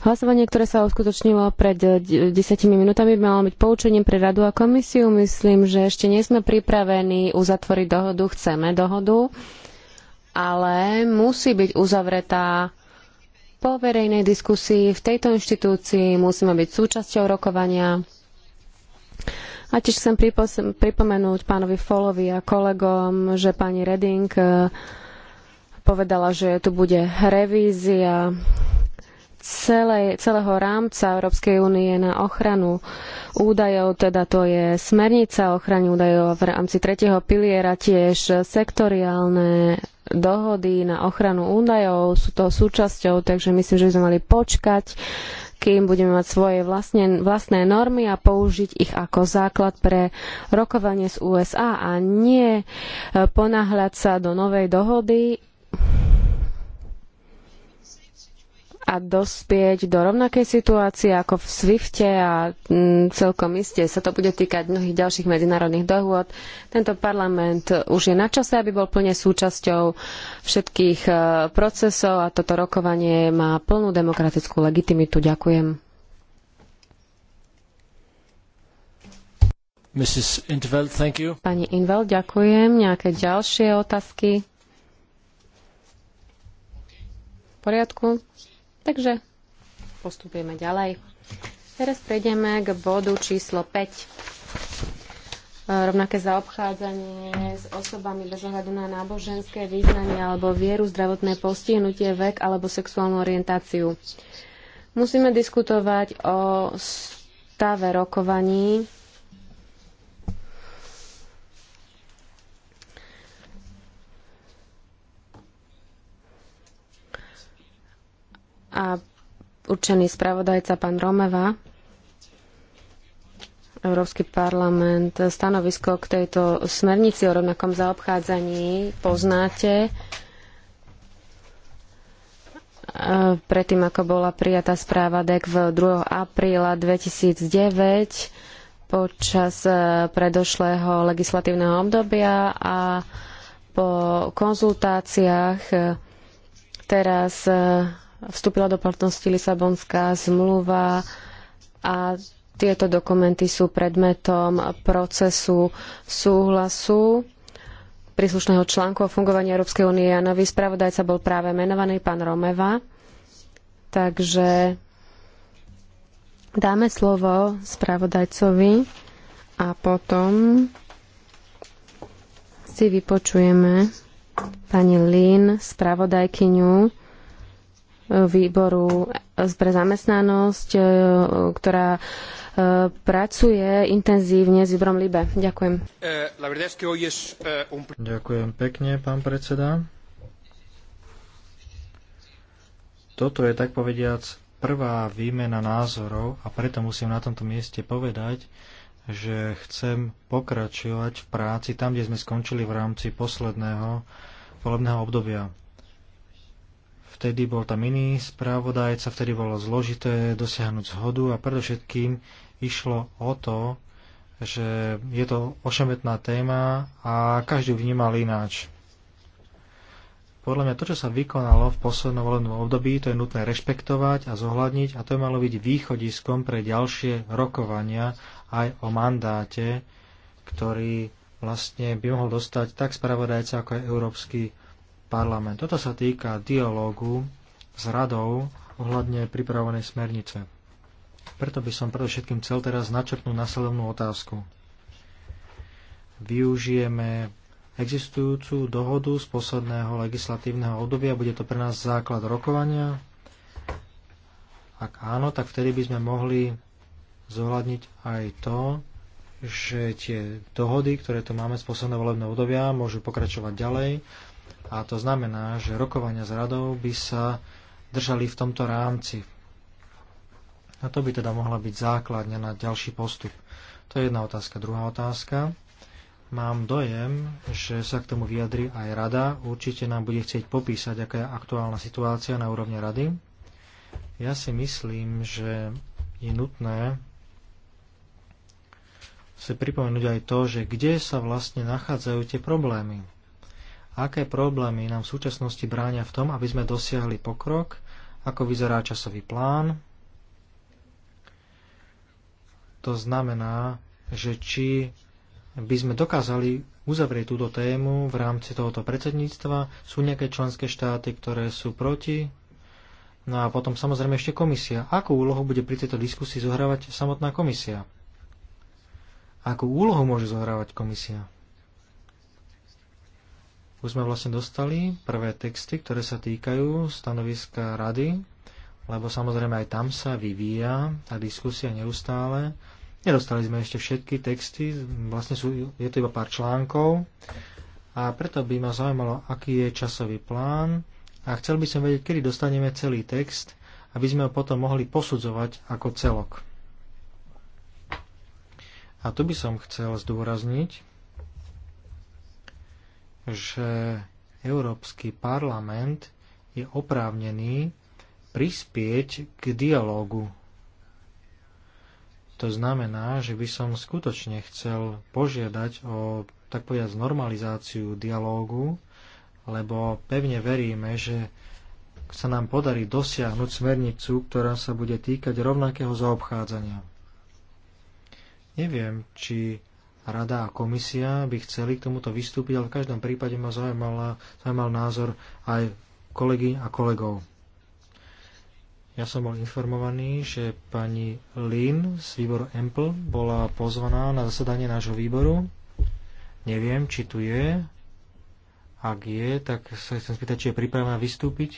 Hlasovanie, ktoré sa uskutočnilo pred eh, desiatimi minútami, by malo byť poučením pre radu a komisiu. Myslím, že ešte nie sme pripravení uzatvoriť dohodu. Chceme dohodu, ale musí byť uzavretá po verejnej diskusii v tejto inštitúcii. Musíme byť súčasťou rokovania. A tiež chcem pripomenúť pánovi Folovi a kolegom, že pani Reding eh, povedala, že tu bude revízia celej, celého rámca Európskej únie na ochranu údajov, teda to je smernica o ochrane údajov v rámci tretieho piliera, tiež sektoriálne dohody na ochranu údajov sú toho súčasťou, takže myslím, že by sme mali počkať, kým budeme mať svoje vlastne, vlastné normy a použiť ich ako základ pre rokovanie z USA a nie eh, ponáhľať sa do novej dohody a dospieť do rovnakej situácie ako v Swifte a mm, celkom iste sa to bude týkať mnohých ďalších medzinárodných dohôd. Tento parlament už je na čase, aby bol plne súčasťou všetkých e, procesov a toto rokovanie má plnú demokratickú legitimitu. Ďakujem. Mrs. Intveld, thank you. Pani Invel, ďakujem. Nejaké ďalšie otázky? V poriadku? Takže postupujeme ďalej. Teraz prejdeme k bodu číslo 5. E, rovnaké zaobchádzanie s osobami bez ohľadu na náboženské význanie alebo vieru, zdravotné postihnutie, vek alebo sexuálnu orientáciu. Musíme diskutovať o stave rokovaní a určený spravodajca pán Romeva, Európsky parlament, stanovisko k tejto smernici o rovnakom zaobchádzaní poznáte e, predtým, ako bola prijatá správa DEC v 2. apríla 2009 počas e, predošlého legislatívneho obdobia a po konzultáciách e, teraz vstúpila do platnosti Lisabonská zmluva a tieto dokumenty sú predmetom procesu súhlasu príslušného článku o fungovaní Európskej únie a nový spravodajca bol práve menovaný pán Romeva. Takže dáme slovo spravodajcovi a potom si vypočujeme pani Lin, spravodajkyňu výboru pre zamestnanosť, e, ktorá e, pracuje intenzívne s výborom LIBE. Ďakujem. E, Ďakujem pekne, pán predseda. Toto je tak povediac prvá výmena názorov a preto musím na tomto mieste povedať, že chcem pokračovať v práci tam, kde sme skončili v rámci posledného volebného obdobia vtedy bol tam iný správodajca, vtedy bolo zložité dosiahnuť zhodu a predovšetkým išlo o to, že je to ošemetná téma a každý ju vnímal ináč. Podľa mňa to, čo sa vykonalo v poslednom volebnom období, to je nutné rešpektovať a zohľadniť a to je malo byť východiskom pre ďalšie rokovania aj o mandáte, ktorý vlastne by mohol dostať tak spravodajca ako aj Európsky parlament. Toto sa týka dialógu s radou ohľadne pripravenej smernice. Preto by som predovšetkým chcel teraz načrtnúť nasledovnú otázku. Využijeme existujúcu dohodu z posledného legislatívneho obdobia, bude to pre nás základ rokovania. Ak áno, tak vtedy by sme mohli zohľadniť aj to, že tie dohody, ktoré tu máme z posledného volebného obdobia, môžu pokračovať ďalej. A to znamená, že rokovania s radou by sa držali v tomto rámci. A to by teda mohla byť základňa na ďalší postup. To je jedna otázka. Druhá otázka. Mám dojem, že sa k tomu vyjadri aj rada. Určite nám bude chcieť popísať, aká je aktuálna situácia na úrovni rady. Ja si myslím, že je nutné si pripomenúť aj to, že kde sa vlastne nachádzajú tie problémy aké problémy nám v súčasnosti bránia v tom, aby sme dosiahli pokrok, ako vyzerá časový plán. To znamená, že či by sme dokázali uzavrieť túto tému v rámci tohoto predsedníctva. Sú nejaké členské štáty, ktoré sú proti. No a potom samozrejme ešte komisia. Akú úlohu bude pri tejto diskusii zohrávať samotná komisia? Akú úlohu môže zohrávať komisia? Už sme vlastne dostali prvé texty, ktoré sa týkajú stanoviska rady, lebo samozrejme aj tam sa vyvíja tá diskusia neustále. Nedostali sme ešte všetky texty, vlastne sú, je to iba pár článkov a preto by ma zaujímalo, aký je časový plán a chcel by som vedieť, kedy dostaneme celý text, aby sme ho potom mohli posudzovať ako celok. A tu by som chcel zdôrazniť, že Európsky parlament je oprávnený prispieť k dialogu. To znamená, že by som skutočne chcel požiadať o, tak povedať, normalizáciu dialógu, lebo pevne veríme, že sa nám podarí dosiahnuť smernicu, ktorá sa bude týkať rovnakého zaobchádzania. Neviem, či rada a komisia by chceli k tomuto vystúpiť, ale v každom prípade ma zaujímal, zaujímal názor aj kolegy a kolegov. Ja som bol informovaný, že pani Lin z výboru EMPL bola pozvaná na zasadanie nášho výboru. Neviem, či tu je. Ak je, tak sa chcem spýtať, či je pripravená vystúpiť.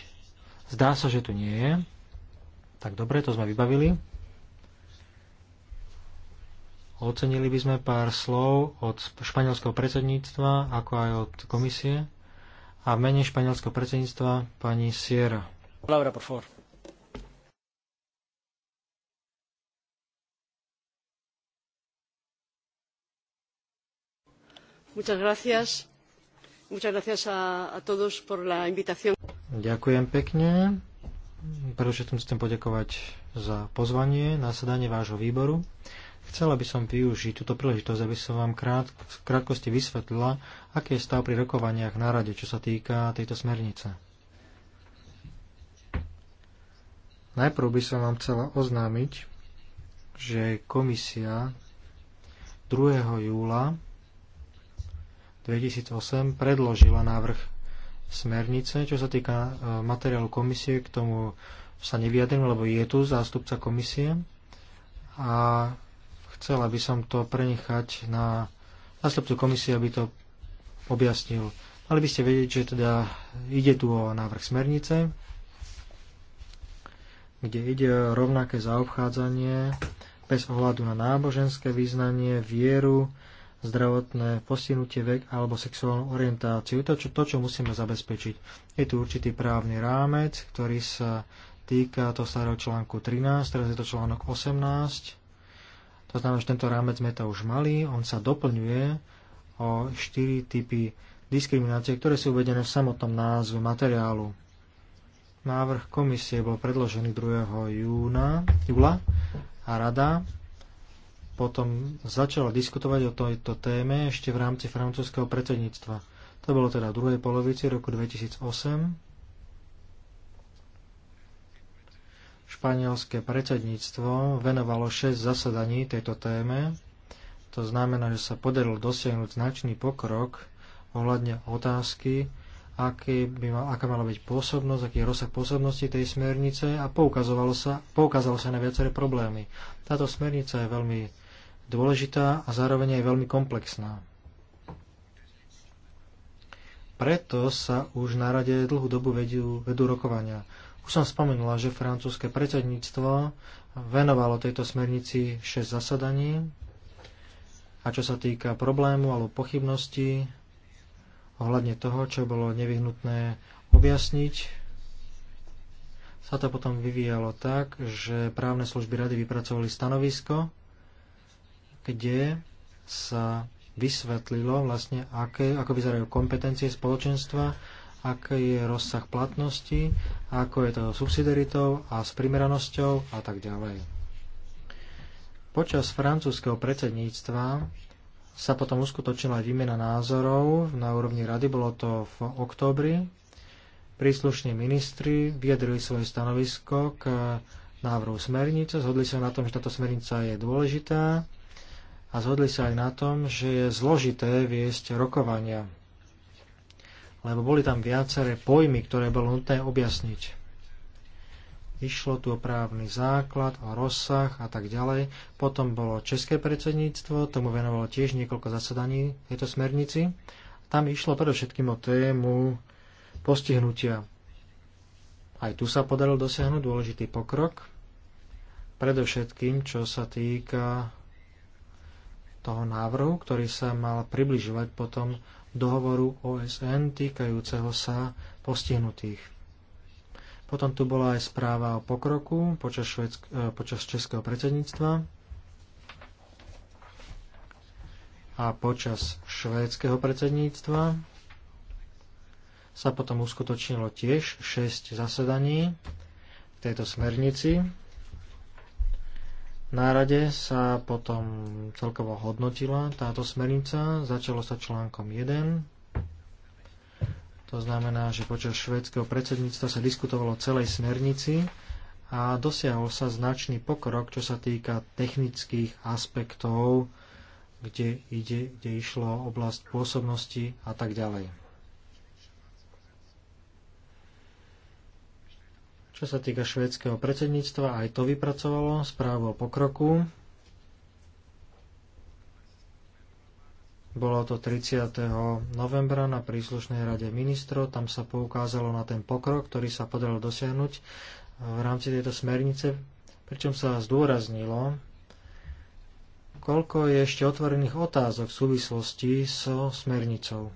Zdá sa, že tu nie je. Tak dobre, to sme vybavili. Ocenili by sme pár slov od španielského predsedníctva, ako aj od komisie. A v mene španielského predsedníctva pani Sierra. Laura, por favor. Muchas gracias. Muchas gracias a, a todos por la invitación. Ďakujem pekne. Prvšetkým chcem poďakovať za pozvanie na sedanie vášho výboru. Chcela by som využiť túto príležitosť, aby som vám krát, v krátkosti vysvetlila, aký je stav pri rokovaniach na rade, čo sa týka tejto smernice. Najprv by som vám chcela oznámiť, že komisia 2. júla 2008 predložila návrh smernice, čo sa týka e, materiálu komisie, k tomu sa nevyjadrím, lebo je tu zástupca komisie a Chcela by som to prenechať na zastupcu komisie, aby to objasnil. Mali by ste vedieť, že teda ide tu o návrh smernice, kde ide o rovnaké zaobchádzanie bez ohľadu na náboženské význanie, vieru, zdravotné postihnutie, vek alebo sexuálnu orientáciu. To čo, to, čo musíme zabezpečiť. Je tu určitý právny rámec, ktorý sa týka toho starého článku 13, teraz je to článok 18 to znamená, že tento rámec sme to už mali, on sa doplňuje o štyri typy diskriminácie, ktoré sú uvedené v samotnom názve materiálu. Návrh komisie bol predložený 2. júna, júla a rada potom začala diskutovať o tejto téme ešte v rámci francúzského predsedníctva. To bolo teda v druhej polovici roku 2008 Španielské predsedníctvo venovalo 6 zasadaní tejto téme. To znamená, že sa podarilo dosiahnuť značný pokrok ohľadne otázky, aký by mal, aká mala byť pôsobnosť, aký je rozsah pôsobnosti tej smernice a poukazovalo sa, poukázalo sa na viaceré problémy. Táto smernica je veľmi dôležitá a zároveň aj veľmi komplexná. Preto sa už na rade dlhú dobu vedú, vedú rokovania. Už som spomenula, že francúzske predsedníctvo venovalo tejto smernici 6 zasadaní a čo sa týka problému alebo pochybnosti, ohľadne toho, čo bolo nevyhnutné objasniť, sa to potom vyvíjalo tak, že právne služby rady vypracovali stanovisko, kde sa vysvetlilo vlastne, aké, ako vyzerajú kompetencie spoločenstva aký je rozsah platnosti, ako je to subsidiaritou a s primeranosťou a tak ďalej. Počas francúzského predsedníctva sa potom uskutočnila výmena názorov na úrovni rady, bolo to v októbri. Príslušní ministri vyjadrili svoje stanovisko k návrhu smernice, zhodli sa na tom, že táto smernica je dôležitá a zhodli sa aj na tom, že je zložité viesť rokovania lebo boli tam viaceré pojmy, ktoré bolo nutné objasniť. Išlo tu o právny základ, o rozsah a tak ďalej. Potom bolo české predsedníctvo, tomu venovalo tiež niekoľko zasadaní tejto smernici. Tam išlo predovšetkým o tému postihnutia. Aj tu sa podaril dosiahnuť dôležitý pokrok, predovšetkým čo sa týka toho návrhu, ktorý sa mal približovať potom dohovoru OSN týkajúceho sa postihnutých. Potom tu bola aj správa o pokroku počas, švedsk- e, počas českého predsedníctva a počas švédskeho predsedníctva sa potom uskutočnilo tiež 6 zasedaní v tejto smernici na sa potom celkovo hodnotila táto smernica. Začalo sa článkom 1. To znamená, že počas švedského predsedníctva sa diskutovalo o celej smernici a dosiahol sa značný pokrok, čo sa týka technických aspektov, kde, ide, kde išlo oblasť pôsobnosti a tak ďalej. Čo sa týka švédskeho predsedníctva, aj to vypracovalo správu o pokroku. Bolo to 30. novembra na príslušnej rade ministrov. Tam sa poukázalo na ten pokrok, ktorý sa podarilo dosiahnuť eh, v rámci tejto smernice, pričom sa zdôraznilo, koľko je ešte otvorených otázok v súvislosti so smernicou.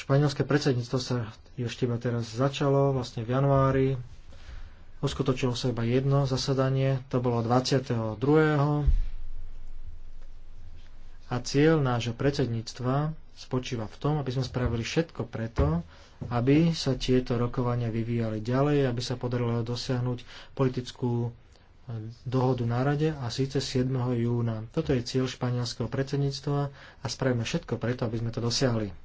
Španielské predsedníctvo sa ešte iba teraz začalo, vlastne v januári. Uskutočilo sa iba jedno zasadanie, to bolo 22. A cieľ nášho predsedníctva spočíva v tom, aby sme spravili všetko preto, aby sa tieto rokovania vyvíjali ďalej, aby sa podarilo dosiahnuť politickú eh, dohodu na rade a síce 7. júna. Toto je cieľ španielského predsedníctva a spravíme všetko preto, aby sme to dosiahli.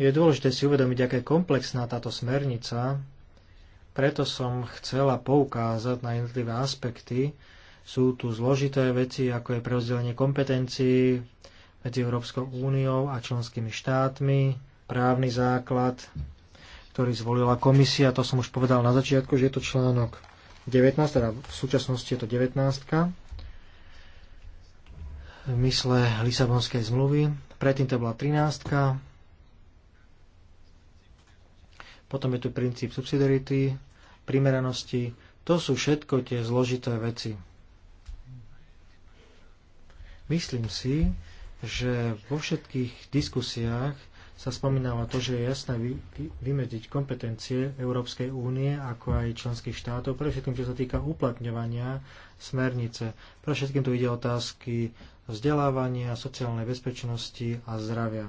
Je dôležité si uvedomiť, aká je komplexná táto smernica, preto som chcela poukázať na jednotlivé aspekty. Sú tu zložité veci, ako je preozdelenie kompetencií medzi Európskou úniou a členskými štátmi, právny základ, ktorý zvolila komisia, to som už povedal na začiatku, že je to článok 19, teda v súčasnosti je to 19 v mysle Lisabonskej zmluvy. Predtým to bola 13. Potom je tu princíp subsidiarity, primeranosti. To sú všetko tie zložité veci. Myslím si, že vo všetkých diskusiách sa spomínalo to, že je jasné vy, vy, kompetencie Európskej únie, ako aj členských štátov, pre všetkým, čo sa týka uplatňovania smernice. Pre všetkým tu ide otázky vzdelávania, sociálnej bezpečnosti a zdravia.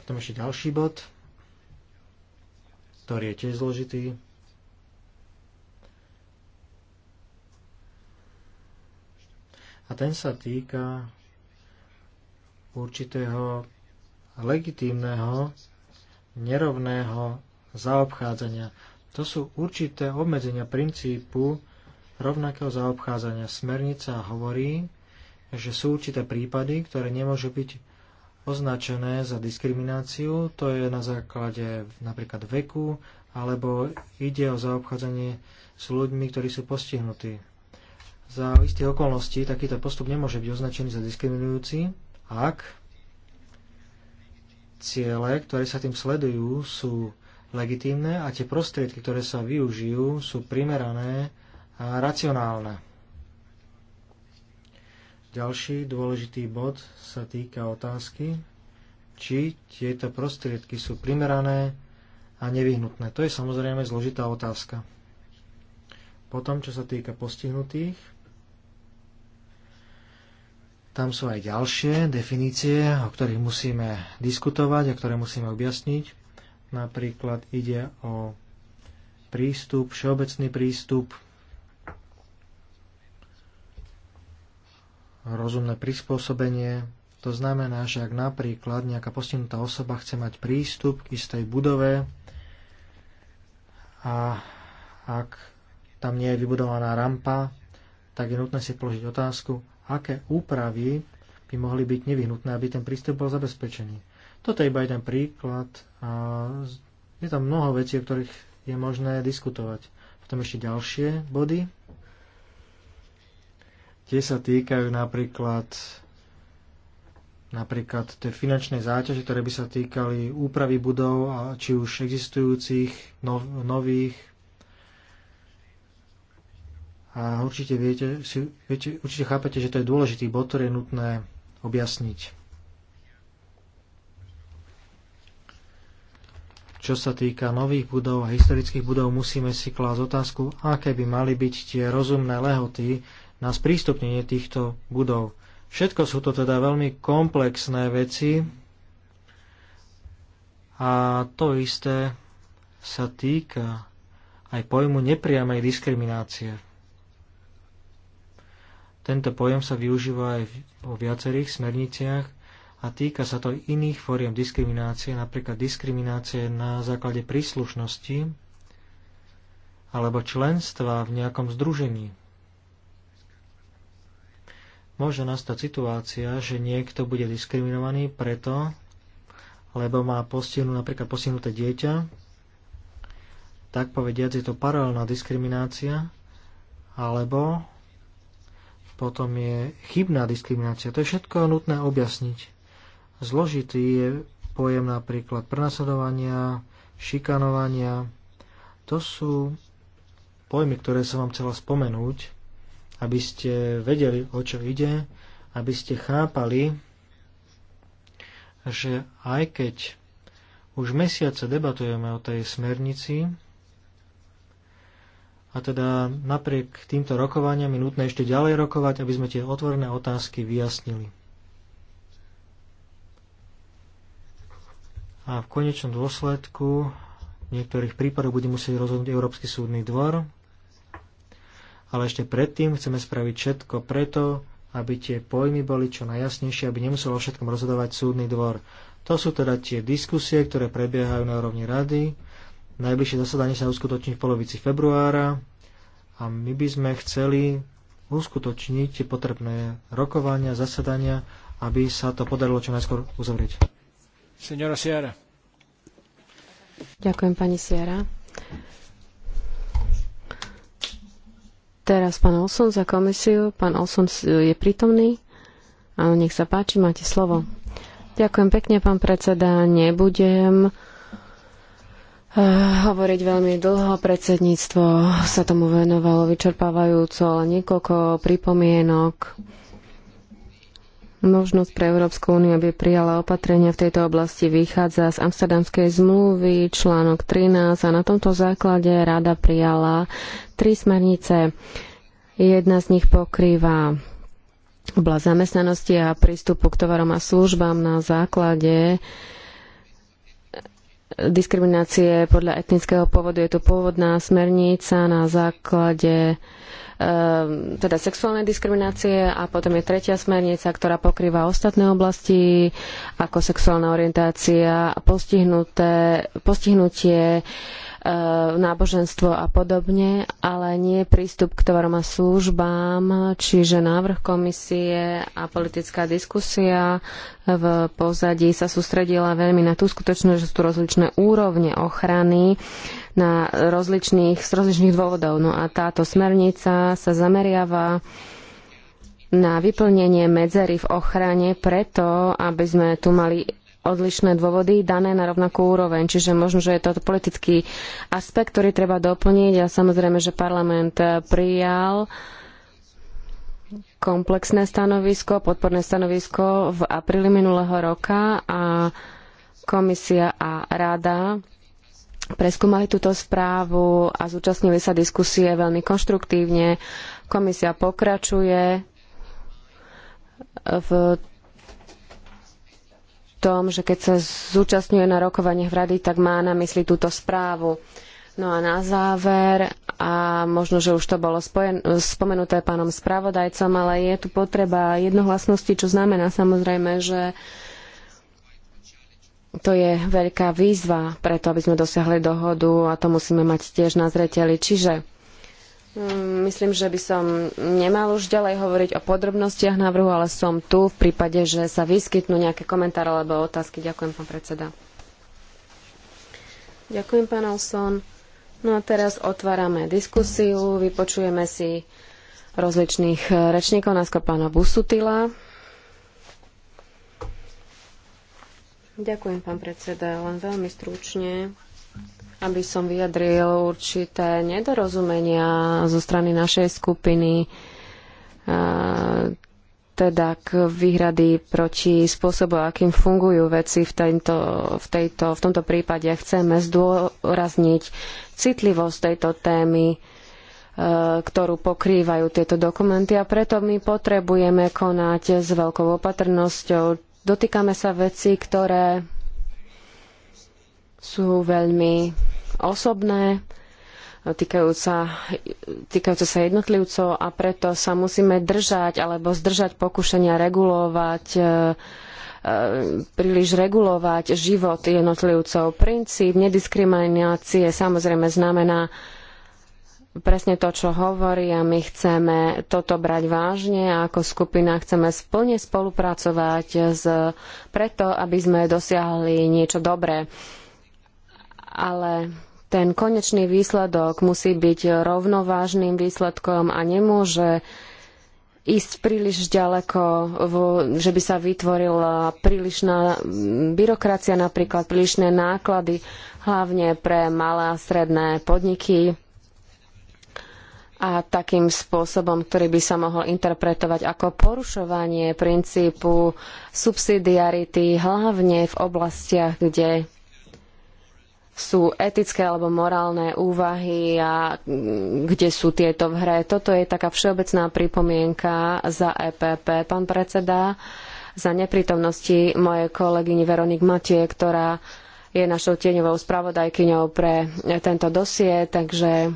Potom ešte ďalší bod ktorý je tiež zložitý. A ten sa týka určitého legitímneho, nerovného zaobchádzania. To sú určité obmedzenia princípu rovnakého zaobchádzania. Smernica hovorí, že sú určité prípady, ktoré nemôžu byť označené za diskrimináciu, to je na základe napríklad veku, alebo ide o zaobchádzanie s ľuďmi, ktorí sú postihnutí. Za istých okolností takýto postup nemôže byť označený za diskriminujúci, ak ciele, ktoré sa tým sledujú, sú legitímne a tie prostriedky, ktoré sa využijú, sú primerané a racionálne. Ďalší dôležitý bod sa týka otázky, či tieto prostriedky sú primerané a nevyhnutné. To je samozrejme zložitá otázka. Potom, čo sa týka postihnutých, tam sú aj ďalšie definície, o ktorých musíme diskutovať a ktoré musíme objasniť. Napríklad ide o prístup, všeobecný prístup rozumné prispôsobenie. To znamená, že ak napríklad nejaká postihnutá osoba chce mať prístup k istej budove a ak tam nie je vybudovaná rampa, tak je nutné si položiť otázku, aké úpravy by mohli byť nevyhnutné, aby ten prístup bol zabezpečený. Toto je iba jeden príklad a je tam mnoho vecí, o ktorých je možné diskutovať. Potom ešte ďalšie body. Tie sa týkajú napríklad napríklad tie finančné záťaže, ktoré by sa týkali úpravy budov, a či už existujúcich, nov, nových. A určite, viete, si, viete, určite chápete, že to je dôležitý bod, ktorý je nutné objasniť. Čo sa týka nových budov a historických budov, musíme si klásť otázku, aké by mali byť tie rozumné lehoty, na sprístupnenie týchto budov. Všetko sú to teda veľmi komplexné veci a to isté sa týka aj pojmu nepriamej diskriminácie. Tento pojem sa využíva aj vo viacerých smerniciach a týka sa to iných fóriem diskriminácie, napríklad diskriminácie na základe príslušnosti alebo členstva v nejakom združení môže nastať situácia, že niekto bude diskriminovaný preto, lebo má postihnú, napríklad postihnuté dieťa, tak povediac je to paralelná diskriminácia, alebo potom je chybná diskriminácia. To je všetko nutné objasniť. Zložitý je pojem napríklad prenasledovania, šikanovania. To sú pojmy, ktoré som vám chcela spomenúť, aby ste vedeli, o čo ide, aby ste chápali, že aj keď už mesiace debatujeme o tej smernici, a teda napriek týmto rokovaniam je nutné ešte ďalej rokovať, aby sme tie otvorené otázky vyjasnili. A v konečnom dôsledku v niektorých prípadoch bude musieť rozhodnúť Európsky súdny dvor, ale ešte predtým chceme spraviť všetko preto, aby tie pojmy boli čo najjasnejšie, aby nemusel o všetkom rozhodovať súdny dvor. To sú teda tie diskusie, ktoré prebiehajú na úrovni rady. Najbližšie zasadanie sa uskutoční v polovici februára a my by sme chceli uskutočniť tie potrebné rokovania, zasadania, aby sa to podarilo čo najskôr uzavrieť. Ďakujem, pani Siara. Teraz pán Olson za komisiu. Pán Olson je prítomný. Áno, nech sa páči, máte slovo. Ďakujem pekne, pán predseda. Nebudem eh, hovoriť veľmi dlho. Predsedníctvo sa tomu venovalo vyčerpávajúco, ale niekoľko pripomienok možnosť pre Európsku úniu, aby prijala opatrenia v tejto oblasti, vychádza z Amsterdamskej zmluvy, článok 13 a na tomto základe rada prijala tri smernice. Jedna z nich pokrýva oblasť zamestnanosti a prístupu k tovarom a službám na základe diskriminácie podľa etnického pôvodu. Je to pôvodná smernica na základe Ehm, teda sexuálnej diskriminácie a potom je tretia smernica, ktorá pokrýva ostatné oblasti ako sexuálna orientácia, postihnuté, postihnutie Eh, náboženstvo a podobne, ale nie prístup k tovarom a službám, čiže návrh komisie a politická diskusia v pozadí sa sústredila veľmi na tú skutočnosť, že sú rozličné úrovne ochrany na rozličných, z rozličných dôvodov. No a táto smernica sa zameriava na vyplnenie medzery v ochrane preto, aby sme tu mali odlišné dôvody dané na rovnakú úroveň. Čiže možno, že je to politický aspekt, ktorý treba doplniť a samozrejme, že parlament prijal komplexné stanovisko, podporné stanovisko v apríli minulého roka a komisia a rada preskúmali túto správu a zúčastnili sa diskusie veľmi konštruktívne. Komisia pokračuje v tom, že keď sa zúčastňuje na rokovaniach v rady, tak má na mysli túto správu. No a na záver, a možno, že už to bolo spojen, spomenuté pánom spravodajcom, ale je tu potreba jednohlasnosti, čo znamená samozrejme, že to je veľká výzva preto, aby sme dosiahli dohodu a to musíme mať tiež na zreteli. Čiže Mm, myslím, že by som nemal už ďalej hovoriť o podrobnostiach návrhu, ale som tu v prípade, že sa vyskytnú nejaké komentáre alebo otázky. Ďakujem, pán predseda. Ďakujem, pán Olson. No a teraz otvárame diskusiu, vypočujeme si rozličných eh, rečníkov, násko pána Busutila. Ďakujem, pán predseda, len veľmi stručne aby som vyjadril určité nedorozumenia zo strany našej skupiny, teda k výhrady proti spôsobu, akým fungujú veci v, tento, v, tejto, v tomto prípade. Chceme zdôrazniť citlivosť tejto témy, ktorú pokrývajú tieto dokumenty a preto my potrebujeme konať s veľkou opatrnosťou. Dotýkame sa vecí, ktoré sú veľmi osobné, týkajúce sa jednotlivcov a preto sa musíme držať alebo zdržať pokušenia regulovať e, e, príliš regulovať život jednotlivcov. Princíp nediskriminácie samozrejme znamená presne to, čo hovorí a my chceme toto brať vážne a ako skupina chceme plne spolupracovať s, preto, aby sme dosiahli niečo dobré. Uh, ale ten konečný výsledok musí byť rovnovážnym výsledkom a nemôže ísť príliš ďaleko, že by sa vytvorila prílišná byrokracia, napríklad prílišné náklady, hlavne pre malé a stredné podniky a takým spôsobom, ktorý by sa mohol interpretovať ako porušovanie princípu subsidiarity, hlavne v oblastiach, kde sú etické alebo morálne úvahy a kde sú tieto v hre. Toto je taká všeobecná pripomienka za EPP. Pán predseda, za neprítomnosti mojej kolegyni Veronik Matie, ktorá je našou tieňovou spravodajkyňou pre tento dosie, takže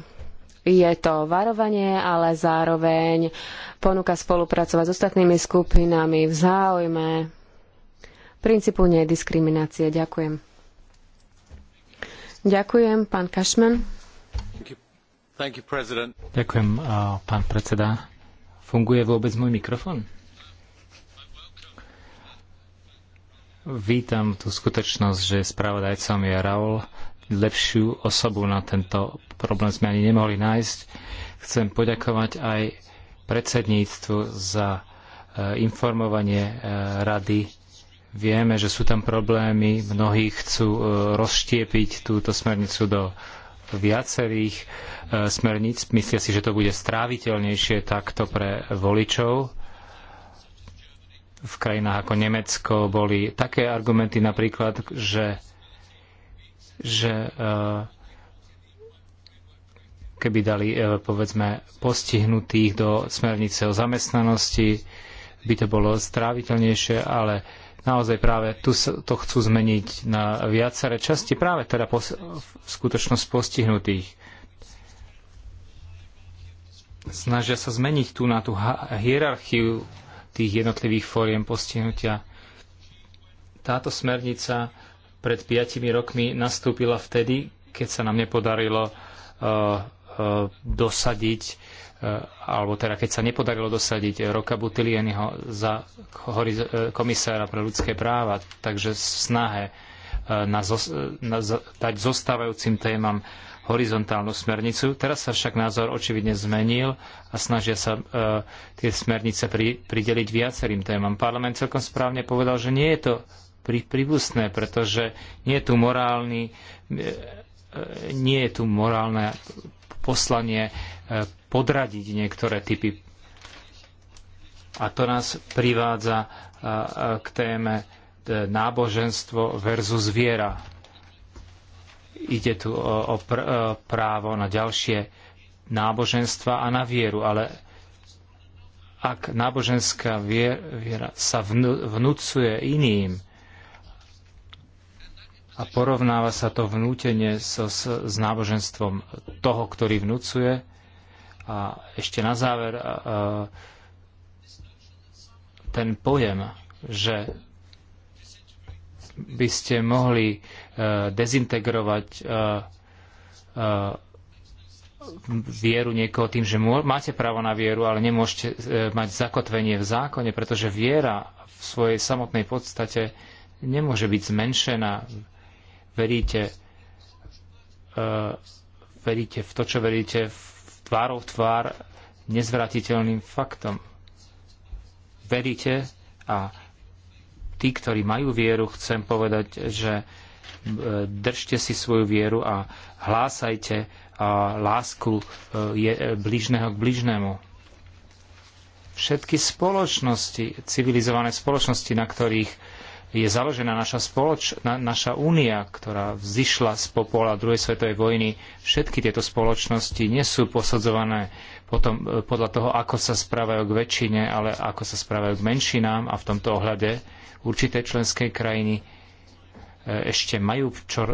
je to varovanie, ale zároveň ponuka spolupracovať s ostatnými skupinami v záujme princípu nediskriminácie. Ďakujem. Ďakujem, pán Kašman. Ďakujem, pán predseda. Funguje vôbec môj mikrofón? Vítam tú skutočnosť, že spravodajcom je Raul. Lepšiu osobu na tento problém sme ani nemohli nájsť. Chcem poďakovať aj predsedníctvu za e, informovanie e, rady Vieme, že sú tam problémy, mnohí chcú e, rozštiepiť túto smernicu do viacerých e, smerníc. Myslia si, že to bude stráviteľnejšie takto pre voličov. V krajinách ako Nemecko boli také argumenty napríklad, že, že e, keby dali povedzme postihnutých do smernice o zamestnanosti, by to bolo stráviteľnejšie, ale naozaj práve tu to chcú zmeniť na viaceré časti, práve teda pos- skutočnosť postihnutých. Snažia sa zmeniť tu na tú hierarchiu tých jednotlivých fóriem postihnutia. Táto smernica pred piatimi rokmi nastúpila vtedy, keď sa nám nepodarilo uh, Eh, dosadiť, eh, alebo teda keď sa nepodarilo dosadiť eh, Roka Butilieniho za komisára pre ľudské práva, takže v snahe na, na, dať zostávajúcim témam horizontálnu smernicu. Teraz sa však názor očividne zmenil a snažia sa e, tie smernice pri, prideliť viacerým témam. Parlament celkom správne povedal, že nie je to pri, prípustné, pretože nie je tu morálny, e, e, nie je tu morálne poslanie e, podradiť niektoré typy. A to nás privádza e, e, k téme náboženstvo versus viera. Ide tu o, právo na ďalšie náboženstva a na vieru, ale ak náboženská viera sa vnúcuje iným, a porovnáva sa to vnútenie so, s, s náboženstvom toho, ktorý vnúcuje. A ešte na záver ten pojem, že by ste mohli e, dezintegrovať e, e, vieru niekoho tým, že máte právo na vieru, ale nemôžete mať zakotvenie v zákone, pretože viera v svojej samotnej podstate nemôže byť zmenšená veríte, uh, veríte v to, čo veríte v tvárov tvár nezvratiteľným faktom. Veríte a tí, ktorí majú vieru, chcem povedať, že e, držte si svoju vieru a hlásajte a lásku e, je, bližného k bližnému. Všetky spoločnosti, civilizované spoločnosti, na ktorých je založená naša, spoloč, na, naša únia, ktorá vzýšla z popola druhej svetovej vojny. Všetky tieto spoločnosti nie sú posadzované potom, e, podľa toho, ako sa správajú k väčšine, ale ako sa správajú k menšinám a v tomto ohľade určité členské krajiny e, ešte majú čo e,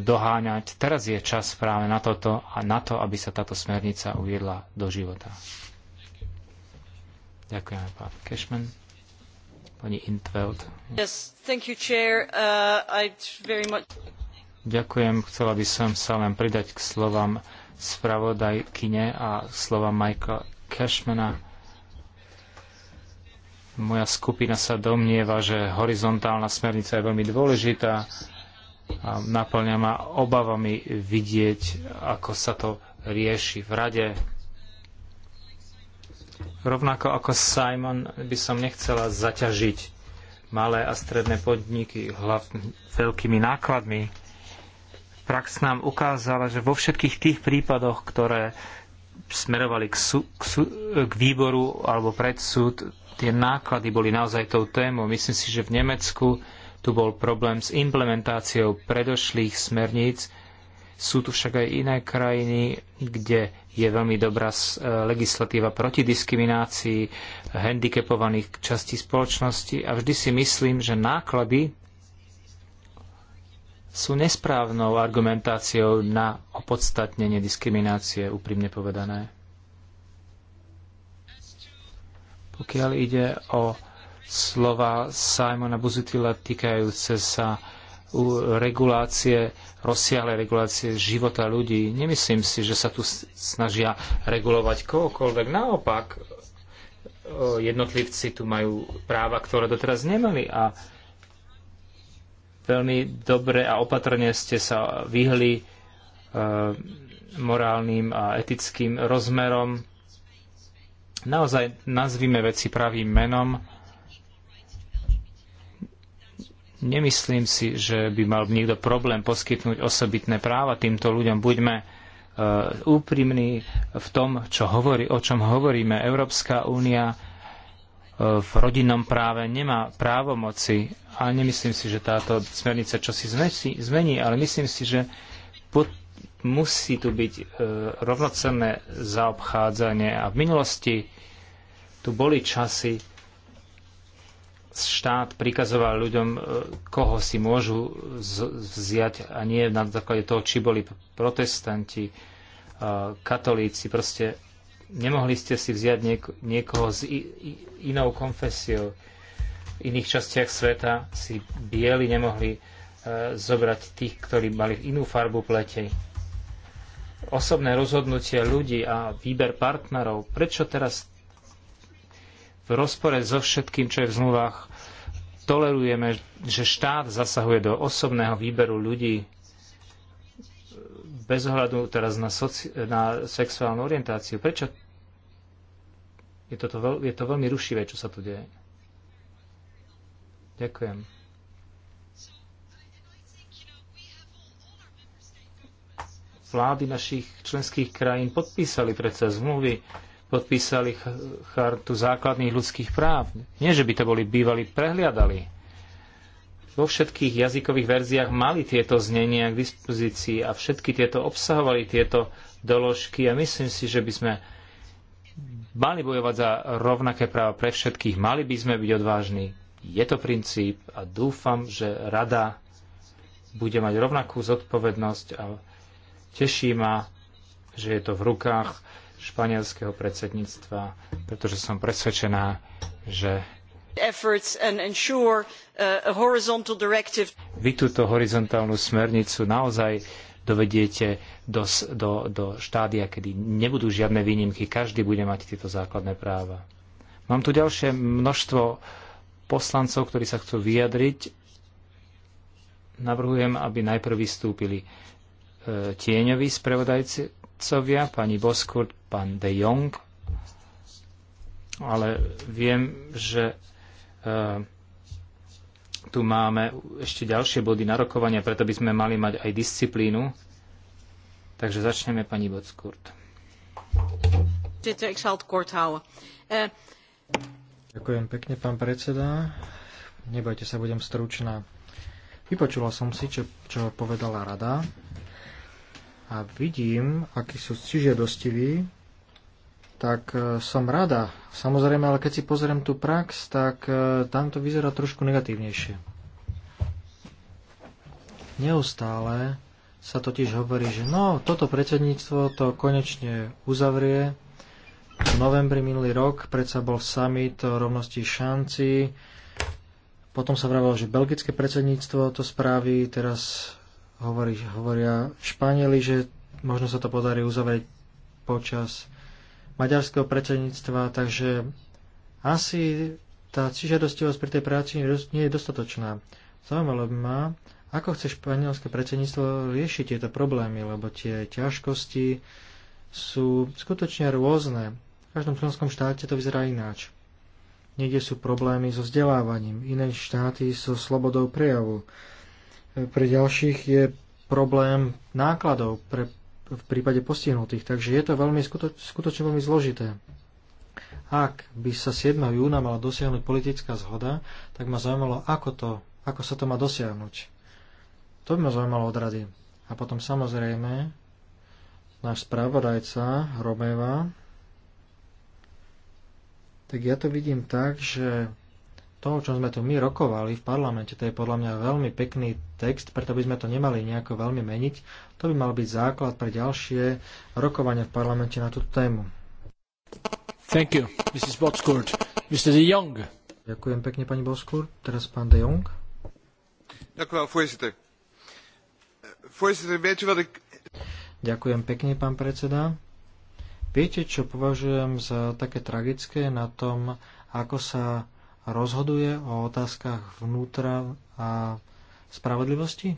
doháňať. Teraz je čas práve na toto a na to, aby sa táto smernica uviedla do života. Ďakujem pán Kešman. Uh, Ďakujem. Chcela by som sa len pridať k slovám spravodajkyne a slova Michaela Cashmana. Moja skupina sa domnieva, že horizontálna smernica je veľmi dôležitá a naplňa ma obavami vidieť, ako sa to rieši v rade Rovnako ako Simon by som nechcela zaťažiť malé a stredné podniky hlavne veľkými nákladmi. Prax nám ukázala, že vo všetkých tých prípadoch, ktoré smerovali k, sú, k, sú, k výboru alebo pred súd, tie náklady boli naozaj tou témou. Myslím si, že v Nemecku tu bol problém s implementáciou predošlých smerníc sú tu však aj iné krajiny, kde je veľmi dobrá e, legislatíva proti diskriminácii handicapovaných častí spoločnosti a vždy si myslím, že náklady sú nesprávnou argumentáciou na opodstatnenie diskriminácie, úprimne povedané. Pokiaľ ide o slova Simona Buzitila týkajúce sa regulácie rozsiahlej regulácie života ľudí. Nemyslím si, že sa tu snažia regulovať kohokoľvek. Naopak, e, jednotlivci tu majú práva, ktoré doteraz nemali a veľmi dobre a opatrne ste sa vyhli e, morálnym a etickým rozmerom. Naozaj nazvime veci pravým menom Nemyslím si, že by mal niekto problém poskytnúť osobitné práva týmto ľuďom. Buďme e, úprimní v tom, čo hovorí, o čom hovoríme. Európska únia e, v rodinnom práve nemá právomoci a nemyslím si, že táto smernica čo si zmení, ale myslím si, že pod, musí tu byť e, rovnocenné zaobchádzanie a v minulosti tu boli časy, štát prikazoval ľuďom, e, koho si môžu vziať a nie na základe toho, či boli protestanti, e, katolíci, proste nemohli ste si vziať niekoho s inou konfesiou. V iných častiach sveta si bieli nemohli e, zobrať tých, ktorí mali inú farbu pleti. Osobné rozhodnutie ľudí a výber partnerov. Prečo teraz v rozpore so všetkým, čo je v zmluvách. Tolerujeme, že štát zasahuje do osobného výberu ľudí bez ohľadu teraz na, soci- na sexuálnu orientáciu. Prečo je, toto veľ- je to veľmi rušivé, čo sa tu deje? Ďakujem. Vlády našich členských krajín podpísali predsa zmluvy podpísali chartu základných ľudských práv. Nie, že by to boli bývali prehliadali. Vo všetkých jazykových verziách mali tieto znenia k dispozícii a všetky tieto obsahovali tieto doložky a myslím si, že by sme mali bojovať za rovnaké práva pre všetkých, mali by sme byť odvážni. Je to princíp a dúfam, že rada bude mať rovnakú zodpovednosť a teší ma, že je to v rukách španielského predsedníctva, pretože som presvedčená, že uh, vy túto horizontálnu smernicu naozaj dovediete do, do, do štádia, kedy nebudú žiadne výnimky, každý bude mať tieto základné práva. Mám tu ďalšie množstvo poslancov, ktorí sa chcú vyjadriť. Navrhujem, aby najprv vystúpili e, tieňoví spravodajci, otcovia, pani Boskurt, pán De Jong, ale viem, že e, tu máme ešte ďalšie body narokovania, preto by sme mali mať aj disciplínu. Takže začneme pani Boskurt. Eh, Ďakujem pekne, pán predseda. Nebojte sa, budem stručná. Vypočula som si, čo, čo povedala rada a vidím, akí sú stižiadostiví, tak e, som rada. Samozrejme, ale keď si pozriem tú prax, tak e, tam to vyzerá trošku negatívnejšie. Neustále sa totiž hovorí, že no, toto predsedníctvo to konečne uzavrie. V novembri minulý rok predsa bol summit o rovnosti šanci. Potom sa vravalo, že belgické predsedníctvo to spraví, teraz Hovorí, hovoria Španieli, že možno sa to podarí uzavrieť počas maďarského predsedníctva, takže asi tá žiadostivosť pri tej práci nie je dostatočná. Zaujímalo by ma, ako chce španielské predsedníctvo riešiť tieto problémy, lebo tie ťažkosti sú skutočne rôzne. V každom členskom štáte to vyzerá ináč. Niekde sú problémy so vzdelávaním, iné štáty so slobodou prejavu. Pre ďalších je problém nákladov pre, v prípade postihnutých, takže je to veľmi skuto, skutočne veľmi zložité. Ak by sa 7. júna mala dosiahnuť politická zhoda, tak ma zaujímalo, ako, to, ako sa to má dosiahnuť. To by ma zaujímalo od rady. A potom samozrejme, náš správodajca Romeva, tak ja to vidím tak, že to, o čom sme tu my rokovali v parlamente, to je podľa mňa veľmi pekný text, preto by sme to nemali nejako veľmi meniť. To by mal byť základ pre ďalšie rokovania v parlamente na túto tému. Thank you, Mrs. Botskurt. Mr. De Jong. Ďakujem pekne, pani Boskurt. Teraz pán De Jong. Ďakujem, voorzitter. Voorzitter, viete, wat ik... Ďakujem pekne, pán predseda. Viete, čo považujem za také tragické na tom, ako sa rozhoduje o otázkach vnútra a spravodlivosti?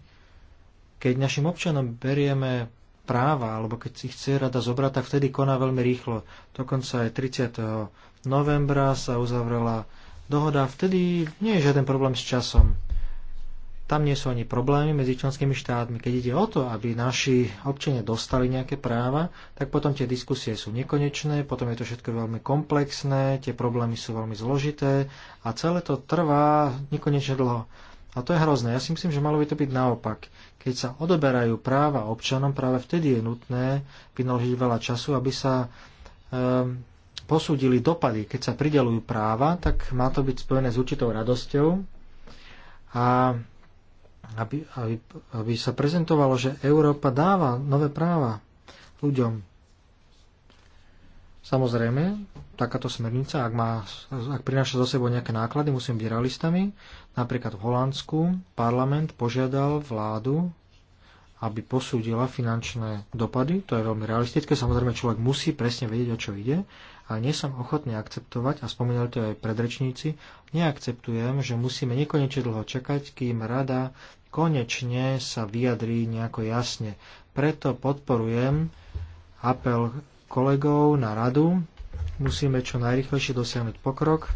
Keď našim občanom berieme práva, alebo keď si chce rada zobrať, tak vtedy koná veľmi rýchlo. Dokonca aj 30. novembra sa uzavrela dohoda. Vtedy nie je žiaden problém s časom. Tam nie sú ani problémy medzi členskými štátmi. Keď ide o to, aby naši občania dostali nejaké práva, tak potom tie diskusie sú nekonečné, potom je to všetko veľmi komplexné, tie problémy sú veľmi zložité a celé to trvá nekonečne dlho. A to je hrozné. Ja si myslím, že malo by to byť naopak. Keď sa odoberajú práva občanom, práve vtedy je nutné vynaložiť veľa času, aby sa um, posúdili dopady. Keď sa pridelujú práva, tak má to byť spojené s určitou radosťou. A aby, aby, aby sa prezentovalo, že Európa dáva nové práva ľuďom. Samozrejme, takáto smernica, ak, má, ak prináša zo sebou nejaké náklady, musím byť realistami. Napríklad v Holandsku parlament požiadal vládu, aby posúdila finančné dopady. To je veľmi realistické. Samozrejme, človek musí presne vedieť, o čo ide. Ale nie som ochotný akceptovať, a spomínali to aj predrečníci, neakceptujem, že musíme nekonečne dlho čakať, kým rada konečne sa vyjadrí nejako jasne. Preto podporujem apel kolegov na radu. Musíme čo najrychlejšie dosiahnuť pokrok,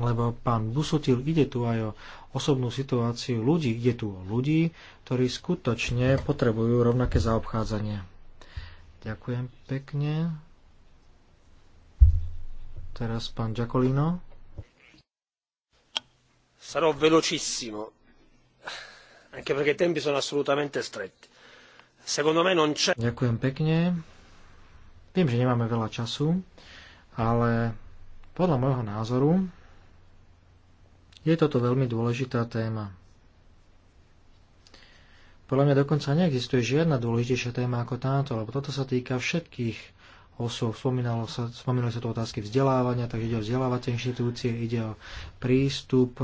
lebo pán Busutil ide tu aj o osobnú situáciu ľudí, ide tu o ľudí, ktorí skutočne potrebujú rovnaké zaobchádzanie. Ďakujem pekne. Teraz pán Giacolino. Sarò velocissimo anche perché i tempi sono assolutamente stretti. Secondo me non c'è... Ďakujem pekne. Viem, že nemáme veľa času, ale podľa môjho názoru je toto veľmi dôležitá téma. Podľa mňa dokonca neexistuje žiadna dôležitejšia téma ako táto, lebo toto sa týka všetkých osôb. sa, spomínali sa tu otázky vzdelávania, takže ide o vzdelávacie inštitúcie, ide o prístup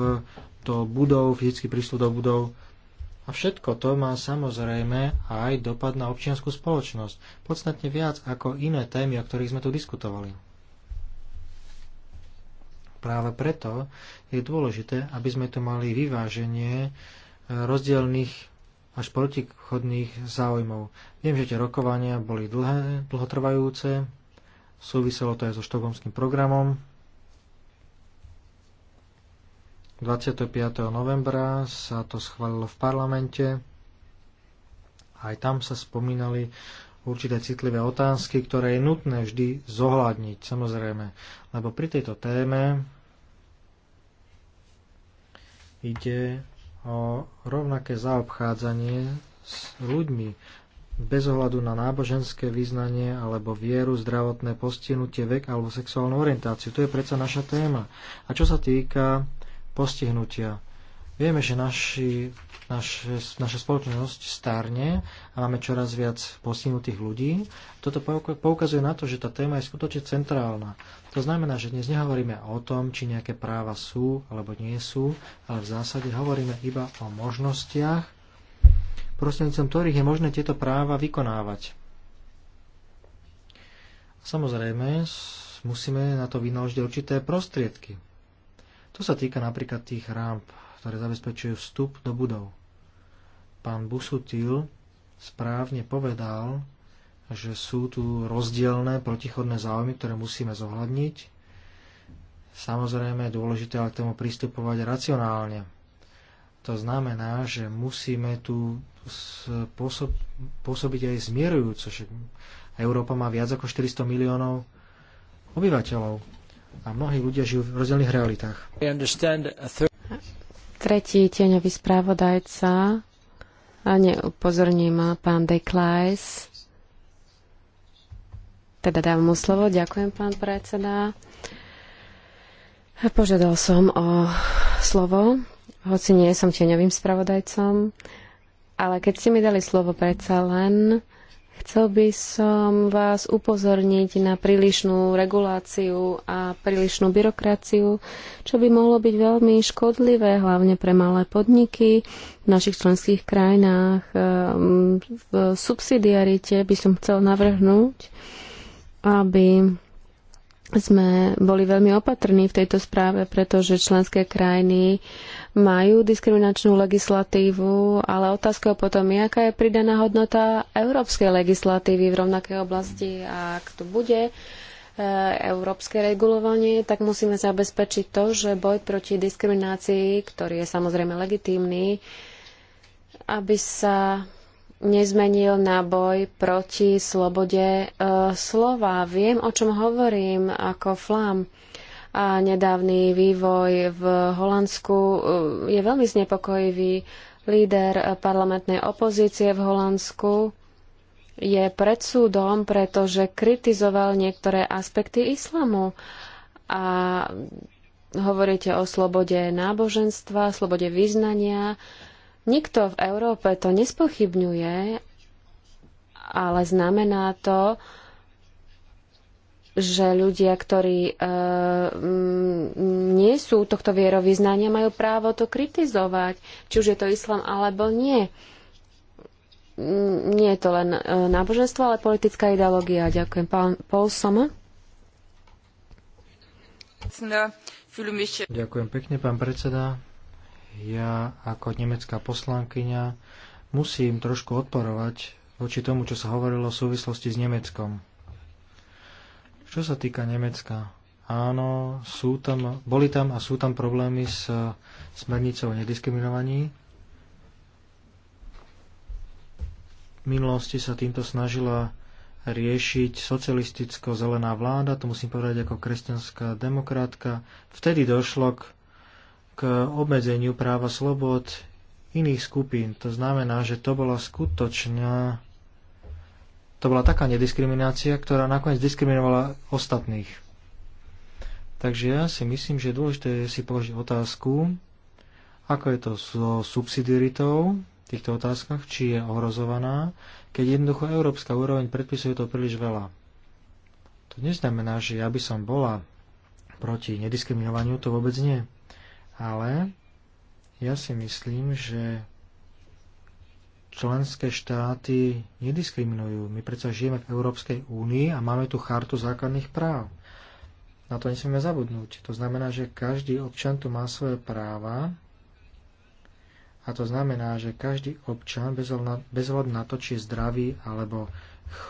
do budov, fyzický prístup do budov. A všetko to má samozrejme aj dopad na občianskú spoločnosť, podstatne viac ako iné témy, o ktorých sme tu diskutovali. Práve preto je dôležité, aby sme tu mali vyváženie eh, rozdielných až protichodných záujmov. Viem, že tie rokovania boli dlhé, dlhotrvajúce, súviselo to aj so štokholmským programom, 25. novembra sa to schválilo v parlamente. Aj tam sa spomínali určité citlivé otázky, ktoré je nutné vždy zohľadniť, samozrejme. Lebo pri tejto téme ide o rovnaké zaobchádzanie s ľuďmi bez ohľadu na náboženské vyznanie alebo vieru, zdravotné postihnutie, vek alebo sexuálnu orientáciu. To je predsa naša téma. A čo sa týka postihnutia. Vieme, že naši, naše, naša spoločnosť starne a máme čoraz viac postihnutých ľudí. Toto poukazuje na to, že tá téma je skutočne centrálna. To znamená, že dnes nehovoríme o tom, či nejaké práva sú alebo nie sú, ale v zásade hovoríme iba o možnostiach, prostrednícom ktorých je možné tieto práva vykonávať. Samozrejme, musíme na to vynaložiť určité prostriedky. To sa týka napríklad tých ramp, ktoré zabezpečujú vstup do budov. Pán Busutil správne povedal, že sú tu rozdielne protichodné záujmy, ktoré musíme zohľadniť. Samozrejme je dôležité ale k tomu pristupovať racionálne. To znamená, že musíme tu spôsob, pôsobiť aj zmierujúco. Európa má viac ako 400 miliónov obyvateľov a mnohí ľudia žijú v rozdielných realitách. Tretí tieňový správodajca a neupozorní ma pán Klaes. Teda dám mu slovo. Ďakujem, pán predseda. Požiadal som o slovo, hoci nie som tieňovým spravodajcom, ale keď ste mi dali slovo predsa len, Chcel by som vás upozorniť na prílišnú reguláciu a prílišnú byrokraciu, čo by mohlo byť veľmi škodlivé, hlavne pre malé podniky v našich členských krajinách. Ehm, v subsidiarite by som chcel navrhnúť, aby sme boli veľmi opatrní v tejto správe, pretože členské krajiny majú diskriminačnú legislatívu, ale otázka potom je, aká je pridaná hodnota európskej legislatívy v rovnakej oblasti. A ak tu bude e, európske regulovanie, tak musíme zabezpečiť to, že boj proti diskriminácii, ktorý je samozrejme legitímny, aby sa nezmenil na boj proti slobode e, slova. Viem, o čom hovorím ako flám. E, a nedávny vývoj v Holandsku eh, je veľmi znepokojivý. Líder parlamentnej opozície v Holandsku je pred súdom, pretože kritizoval niektoré aspekty islamu. A hovoríte o slobode náboženstva, slobode vyznania. Nikto v Európe to nespochybňuje, ale znamená to, že ľudia, ktorí e, nie sú tohto vierovýznania, majú právo to kritizovať, či už je to islám alebo nie. Nie je to len e, náboženstvo, ale politická ideológia. Ďakujem. Pán Paul Soma. Ďakujem pekne, pán predseda. Ja ako nemecká poslankyňa musím trošku odporovať voči tomu, čo sa hovorilo v súvislosti s Nemeckom. Čo sa týka Nemecka, áno, sú tam, boli tam a sú tam problémy s e, smernicou o nediskriminovaní. V minulosti sa týmto snažila riešiť socialisticko-zelená vláda, to musím povedať ako kresťanská demokratka. Vtedy došlo k, k obmedzeniu práva slobod iných skupín. To znamená, že to bola skutočná to bola taká nediskriminácia, ktorá nakoniec diskriminovala ostatných. Takže ja si myslím, že je dôležité si položiť otázku, ako je to so subsidiaritou v týchto otázkach, či je ohrozovaná, keď jednoducho európska úroveň predpisuje to príliš veľa. To neznamená, že ja by som bola proti nediskriminovaniu, to vôbec nie. Ale ja si myslím, že členské štáty nediskriminujú. My predsa žijeme v Európskej únii a máme tu chartu základných práv. Na to nesmieme zabudnúť. To znamená, že každý občan tu má svoje práva a to znamená, že každý občan bez hľadu na to, či je zdravý alebo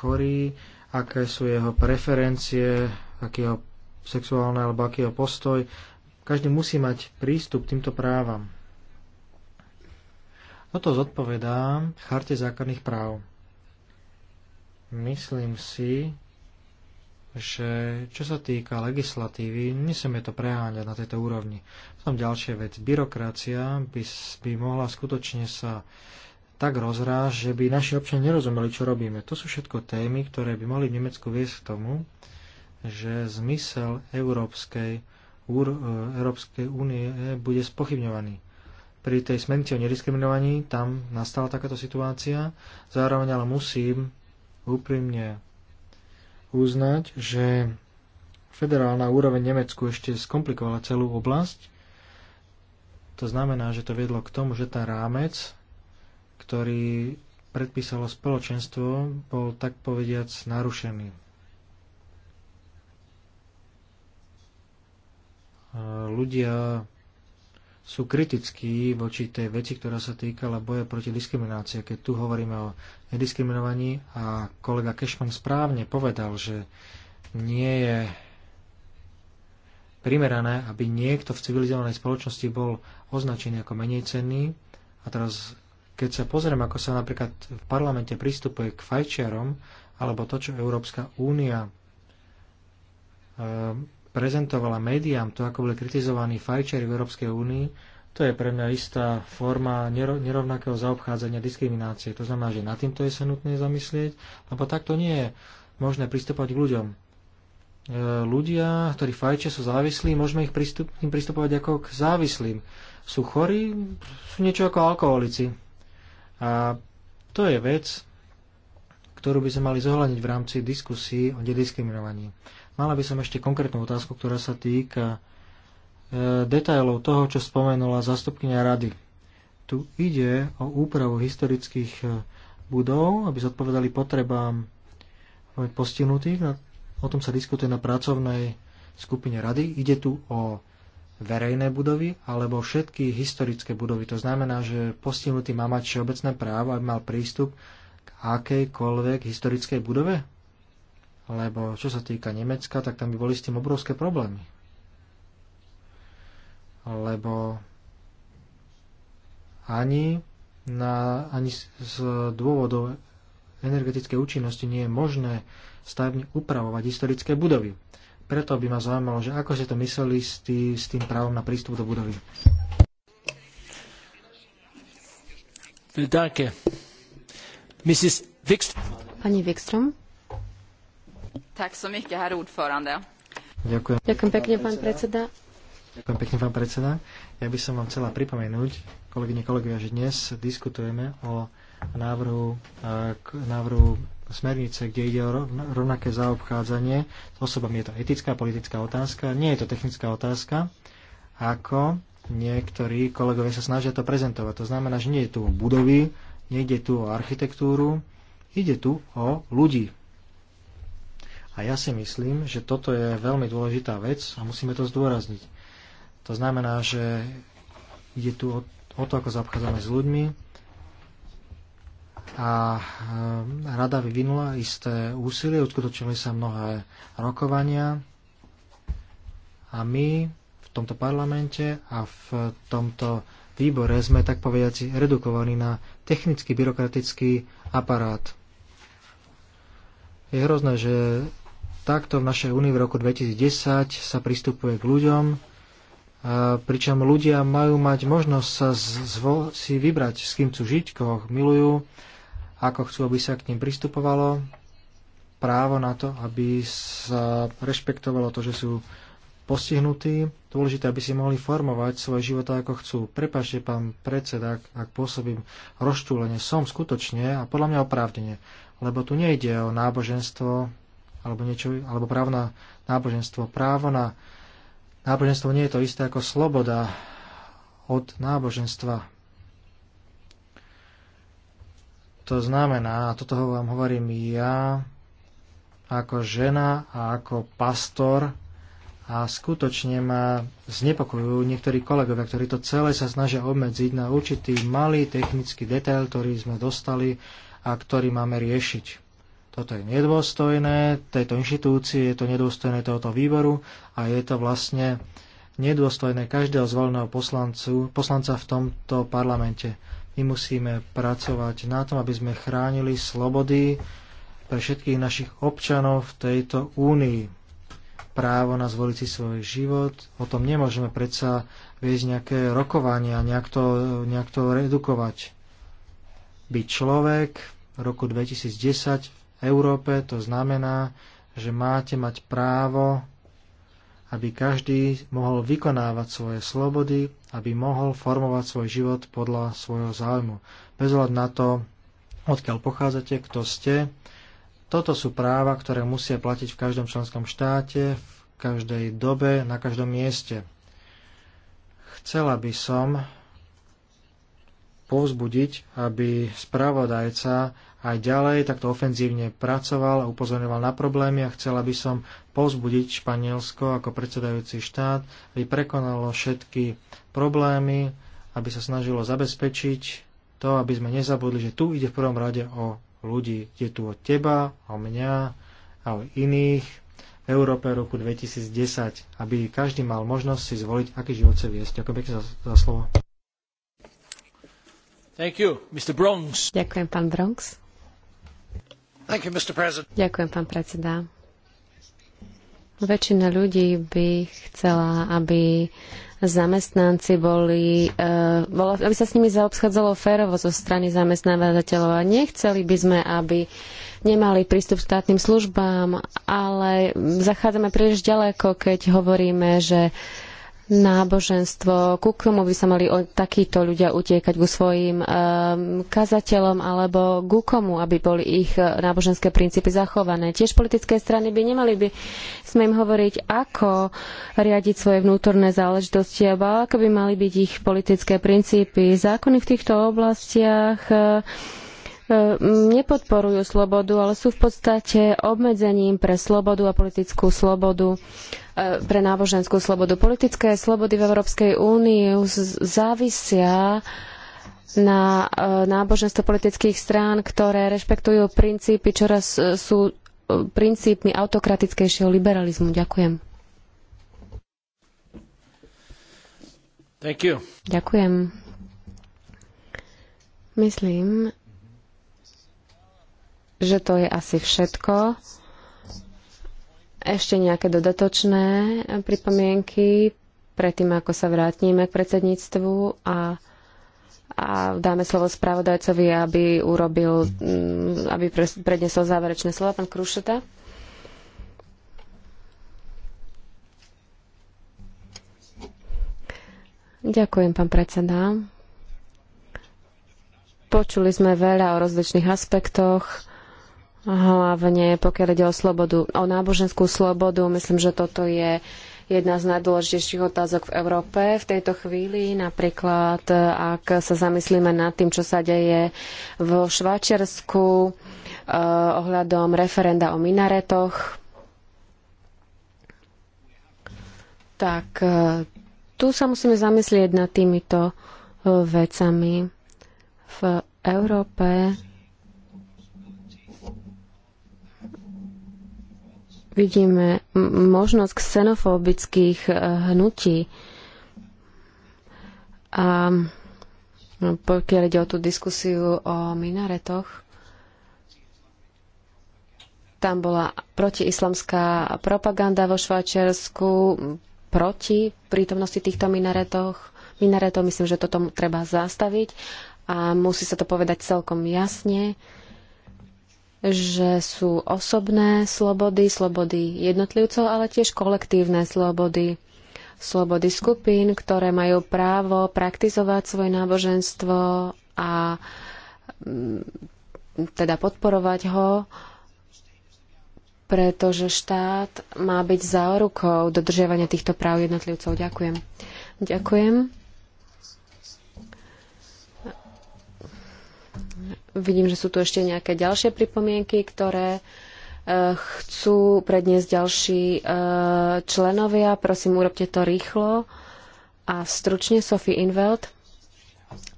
chorý, aké sú jeho preferencie, aký jeho sexuálne alebo aký jeho postoj, každý musí mať prístup k týmto právam. Toto zodpovedá Charte základných práv. Myslím si, že čo sa týka legislatívy, nesmieme to preháňať na tejto úrovni. Som ďalšia vec. Byrokracia by, by mohla skutočne sa tak rozráž, že by naši občania nerozumeli, čo robíme. To sú všetko témy, ktoré by mohli v Nemecku viesť k tomu, že zmysel Európskej, Úr, Európskej únie bude spochybňovaný pri tej smernici o nediskriminovaní, tam nastala takáto situácia. Zároveň ale musím úprimne uznať, že federálna úroveň Nemecku ešte skomplikovala celú oblasť. To znamená, že to viedlo k tomu, že ten rámec, ktorý predpísalo spoločenstvo, bol tak povediac narušený. Ľudia sú kritickí voči tej veci, ktorá sa týkala boja proti diskriminácii. Keď tu hovoríme o nediskriminovaní a kolega Kešman správne povedal, že nie je primerané, aby niekto v civilizovanej spoločnosti bol označený ako menej cenný. A teraz, keď sa pozriem, ako sa napríklad v parlamente pristupuje k fajčiarom, alebo to, čo Európska únia prezentovala médiám to, ako boli kritizovaní fajčeri v Európskej únii, to je pre mňa istá forma nerovnakého zaobchádzania diskriminácie. To znamená, že nad týmto je sa nutné zamyslieť, lebo takto nie je možné pristúpať k ľuďom. E, ľudia, ktorí fajče sú závislí, môžeme ich pristup, tým pristupovať ako k závislým. Sú chorí, sú niečo ako alkoholici. A to je vec, ktorú by sme mali zohľadniť v rámci diskusí o nediskriminovaní. Mala by som ešte konkrétnu otázku, ktorá sa týka e, detailov toho, čo spomenula zastupkynia rady. Tu ide o úpravu historických e, budov, aby zodpovedali potrebám e, postihnutých. O tom sa diskutuje na pracovnej skupine rady. Ide tu o verejné budovy alebo všetky historické budovy. To znamená, že postihnutý má mať všeobecné právo, aby mal prístup k akejkoľvek historickej budove? lebo čo sa týka Nemecka, tak tam by boli s tým obrovské problémy. Lebo ani, na, ani z dôvodov energetickej účinnosti nie je možné stavne upravovať historické budovy. Preto by ma zaujímalo, že ako ste to mysleli s, tý, s tým právom na prístup do budovy. Pani Wikström. Ďakujem. Ďakujem pekne, pán predseda. Ďakujem pekne, pán predseda. Ja by som vám chcela pripomenúť, kolegyne, kolegovia, že dnes diskutujeme o návrhu, e, k návrhu smernice, kde ide o rovnaké zaobchádzanie s osobami. Je to etická, politická otázka, nie je to technická otázka, ako niektorí kolegovia sa snažia to prezentovať. To znamená, že nie je tu o budovy, ide tu o architektúru, ide tu o ľudí, a ja si myslím, že toto je veľmi dôležitá vec a musíme to zdôrazniť. To znamená, že ide tu o, o to, ako zaobchádzame s ľuďmi a e, rada vyvinula isté úsilie, uskutočnili sa mnohé rokovania a my v tomto parlamente a v tomto výbore sme tak povediaci redukovaní na technický byrokratický aparát. Je hrozné, že takto v našej únii v roku 2010 sa pristupuje k ľuďom, pričom ľudia majú mať možnosť sa zvo- si vybrať, s kým chcú žiť, koho milujú, ako chcú, aby sa k ním pristupovalo, právo na to, aby sa rešpektovalo to, že sú postihnutí, dôležité, aby si mohli formovať svoje život ako chcú. Prepašte, pán predseda, ak, ak pôsobím rozčúlenie, som skutočne a podľa mňa oprávnenie, lebo tu nejde o náboženstvo, alebo niečo, alebo právo na náboženstvo. Právo na náboženstvo nie je to isté ako sloboda od náboženstva. To znamená, a toto vám hovorím ja, ako žena a ako pastor, a skutočne ma znepokojujú niektorí kolegovia, ktorí to celé sa snažia obmedziť na určitý malý technický detail, ktorý sme dostali a ktorý máme riešiť. Toto je nedôstojné tejto inštitúcii, je to nedôstojné tohoto výboru a je to vlastne nedôstojné každého zvoleného poslancu, poslanca v tomto parlamente. My musíme pracovať na tom, aby sme chránili slobody pre všetkých našich občanov v tejto únii. Právo na zvoliť si svoj život, o tom nemôžeme predsa viesť nejaké rokovania, nejak to, nejak to redukovať. Byť človek v roku 2010 Európe. To znamená, že máte mať právo, aby každý mohol vykonávať svoje slobody, aby mohol formovať svoj život podľa svojho záujmu. Bez ohľadu na to, odkiaľ pochádzate, kto ste. Toto sú práva, ktoré musia platiť v každom členskom štáte, v každej dobe, na každom mieste. Chcela by som povzbudiť, aby správodajca aj ďalej takto ofenzívne pracoval a upozorňoval na problémy a chcela by som povzbudiť Španielsko ako predsedajúci štát, aby prekonalo všetky problémy, aby sa snažilo zabezpečiť to, aby sme nezabudli, že tu ide v prvom rade o ľudí. Je tu o teba, o mňa a o iných v Európe roku 2010, aby každý mal možnosť si zvoliť, aký život sa viesť. Ďakujem pekne za, za slovo. Ďakujem, pán Bronx. Ďakujem, pán predseda. Väčšina ľudí by chcela, aby zamestnanci boli, eh, aby sa s nimi zaobchádzalo férovo zo strany zamestnávateľov a nechceli by sme, aby nemali prístup k štátnym službám, ale zachádzame príliš ďaleko, keď hovoríme, že náboženstvo, ku komu by sa mali takíto ľudia utiekať ku svojim um, kazateľom alebo ku komu, aby boli ich e, náboženské princípy zachované. Tiež politické strany by nemali by sme im hovoriť, ako riadiť svoje vnútorné záležitosti alebo ako by mali byť ich politické princípy. Zákony v týchto oblastiach uh, Eh, nepodporujú slobodu, ale sú v podstate obmedzením pre slobodu a politickú slobodu, eh, pre náboženskú slobodu. Politické slobody v Európskej únii závisia na eh, náboženstvo politických strán, ktoré rešpektujú princípy, čoraz sú princípmi autokratickejšieho liberalizmu. Ďakujem. Ďakujem. Myslím, že to je asi všetko. Ešte nejaké dodatočné pripomienky predtým, ako sa vrátime k predsedníctvu a, a dáme slovo spravodajcovi, aby urobil, mm, aby prednesol záverečné slovo. Pán Krušeta. Ďakujem, pán predseda. Počuli sme veľa o rozličných aspektoch hlavne pokiaľ ide o slobodu, o náboženskú slobodu. Myslím, že toto je jedna z najdôležitejších otázok v Európe v tejto chvíli. Napríklad, ak sa zamyslíme nad tým, čo sa deje v Švačersku eh, ohľadom referenda o minaretoch, tak eh, tu sa musíme zamyslieť nad týmito eh, vecami. V Európe vidíme možnosť ksenofóbických e, hnutí. A no, pokiaľ ide o tú diskusiu o minaretoch, tam bola protiislamská propaganda vo Švajčiarsku proti prítomnosti týchto minaretoch. Minaretov myslím, že toto treba zastaviť a musí sa to povedať celkom jasne. Uh, že sú osobné slobody, slobody jednotlivcov, ale tiež kolektívne slobody, slobody skupín, ktoré majú právo praktizovať svoje náboženstvo a mm, teda podporovať ho, pretože štát má byť zárukou dodržiavania týchto práv jednotlivcov. Ďakujem. Ďakujem. Vidím, že sú tu ešte nejaké ďalšie pripomienky, ktoré e, chcú predniesť ďalší e, členovia. Prosím, urobte to rýchlo. A stručne Sophie Inveld.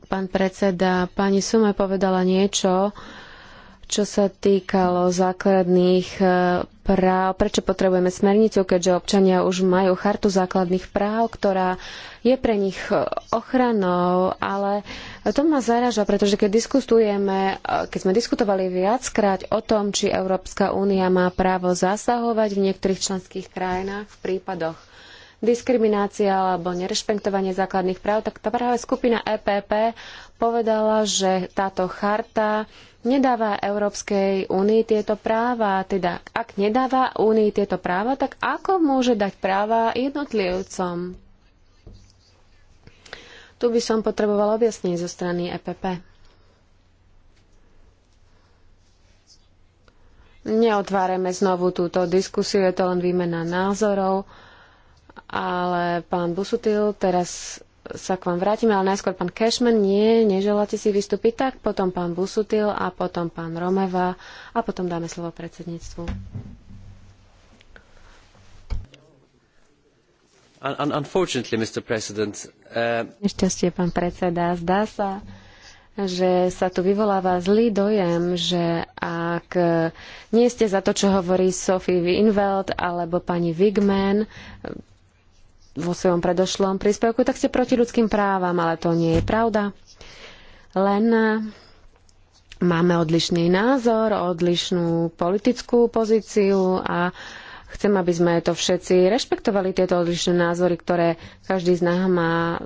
Pán predseda, pani Sume povedala niečo, čo sa týkalo základných e, práv, prečo potrebujeme smernicu, keďže občania už majú chartu základných práv, ktorá je pre nich e, ochranou, ale to ma zaraža, pretože keď diskutujeme, e, keď sme diskutovali viackrát o tom, či Európska únia má právo zasahovať v niektorých členských krajinách v prípadoch diskriminácia alebo nerešpektovanie základných práv, tak tá práve skupina EPP povedala, že táto charta nedáva Európskej únii tieto práva. Teda ak nedáva únii tieto práva, tak ako môže dať práva jednotlivcom? Tu by som potrebovala objasniť zo strany EPP. Neotvárame znovu túto diskusiu, je to len výmena názorov, ale pán Busutil teraz sa k vám vrátime, ale najskôr pán Cashman, nie, neželáte si vystúpiť, tak potom pán Busutil a potom pán Romeva a potom dáme slovo predsedníctvu. Uh, Nešťastie, pán predseda, zdá sa, že sa tu vyvoláva zlý dojem, že ak nie ste za to, čo hovorí Sophie Winveld alebo pani Wigman, vo svojom predošlom príspevku, tak ste proti ľudským právam, ale to nie je pravda. Len e, máme odlišný názor, odlišnú politickú pozíciu a chcem, aby sme to všetci rešpektovali, tieto odlišné názory, ktoré každý z nás má.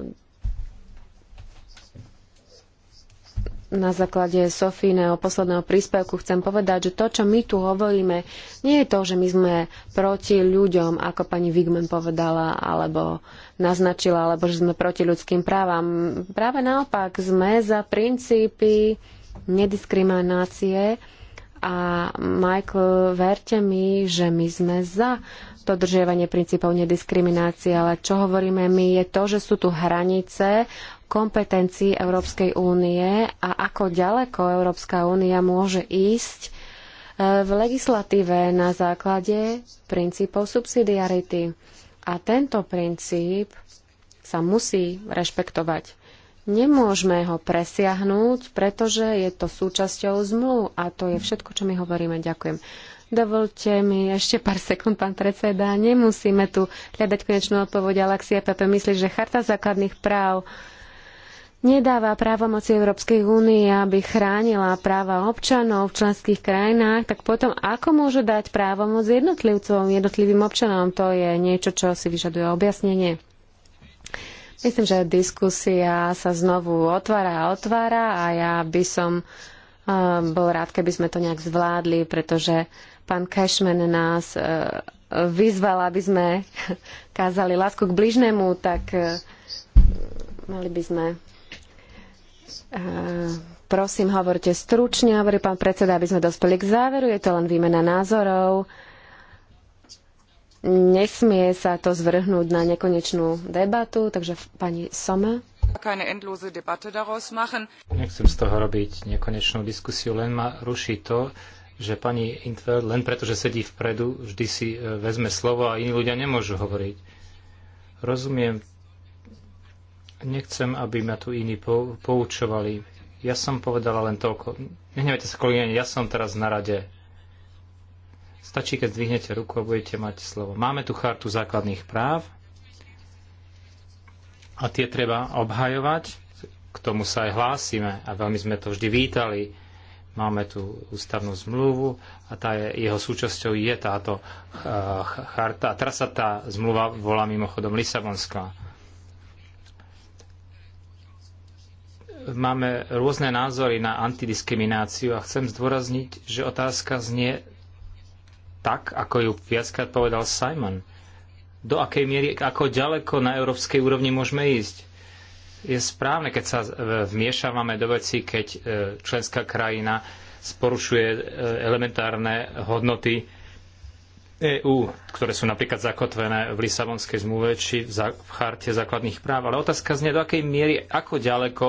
na základe Sofíneho posledného príspevku chcem povedať, že to, čo my tu hovoríme, nie je to, že my sme proti ľuďom, ako pani Wigman povedala, alebo naznačila, alebo že sme proti ľudským právam. Práve naopak, sme za princípy nediskriminácie a Michael, verte mi, že my sme za dodržiavanie princípov nediskriminácie, ale čo hovoríme my je to, že sú tu hranice, kompetencií Európskej únie a ako ďaleko Európska únia môže ísť e, v legislatíve na základe princípov subsidiarity. A tento princíp sa musí rešpektovať. Nemôžeme ho presiahnuť, pretože je to súčasťou zmluv a to je všetko, čo my hovoríme. Ďakujem. Dovolte mi ešte pár sekúnd, pán predseda. Nemusíme tu hľadať konečnú odpoveď, ale ak si EPP myslí, že Charta základných práv nedáva právomoci Európskej únie, aby chránila práva občanov v členských krajinách, tak potom ako môže dať právomoc jednotlivcom, jednotlivým občanom? To je niečo, čo si vyžaduje objasnenie. Myslím, že diskusia sa znovu otvára a otvára a ja by som eh, bol rád, keby sme to nejak zvládli, pretože pán Cashman nás eh, vyzval, aby sme kázali lásku k bližnému, tak eh, mali by sme Eh, prosím, hovorte stručne, hovorí pán predseda, aby sme dospeli k záveru. Je to len výmena názorov. Nesmie sa to zvrhnúť na nekonečnú debatu, takže pani Soma. Nechcem z toho robiť nekonečnú diskusiu, len ma ruší to, že pani Intveld, len preto, že sedí vpredu, vždy si eh, vezme slovo a iní ľudia nemôžu hovoriť. Rozumiem Nechcem, aby ma tu iní poučovali. Ja som povedala len toľko. Nehnevajte sa, kolegyne, ja som teraz na rade. Stačí, keď zdvihnete ruku a budete mať slovo. Máme tu chartu základných práv a tie treba obhajovať. K tomu sa aj hlásime a veľmi sme to vždy vítali. Máme tu ústavnú zmluvu a tá je, jeho súčasťou je táto eh, charta. A teraz sa tá zmluva volá mimochodom Lisabonská. máme rôzne názory na antidiskrimináciu a chcem zdôrazniť, že otázka znie tak, ako ju viackrát povedal Simon. Do akej miery, ako ďaleko na európskej úrovni môžeme ísť? Je správne, keď sa e, vmiešavame do veci, keď e, členská krajina sporušuje e, elementárne hodnoty EÚ, ktoré sú napríklad zakotvené v Lisabonskej zmluve či v charte základných práv. Ale otázka znie, do akej miery, ako ďaleko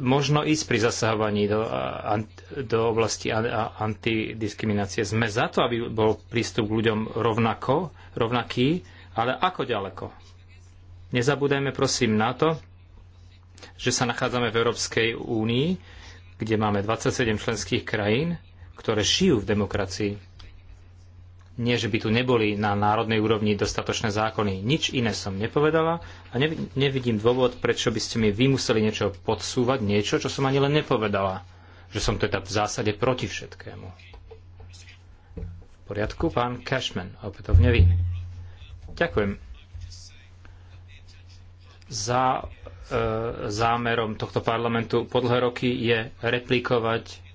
možno ísť pri zasahovaní do, do oblasti antidiskriminácie. Sme za to, aby bol prístup k ľuďom rovnako, rovnaký, ale ako ďaleko? Nezabúdajme prosím na to, že sa nachádzame v Európskej únii, kde máme 27 členských krajín, ktoré žijú v demokracii nie, že by tu neboli na národnej úrovni dostatočné zákony. Nič iné som nepovedala a nevidím dôvod, prečo by ste mi vy museli niečo podsúvať, niečo, čo som ani len nepovedala. Že som teda v zásade proti všetkému. V poriadku, pán Cashman, opätovne vy. Ďakujem. Za e, zámerom tohto parlamentu po dlhé roky je replikovať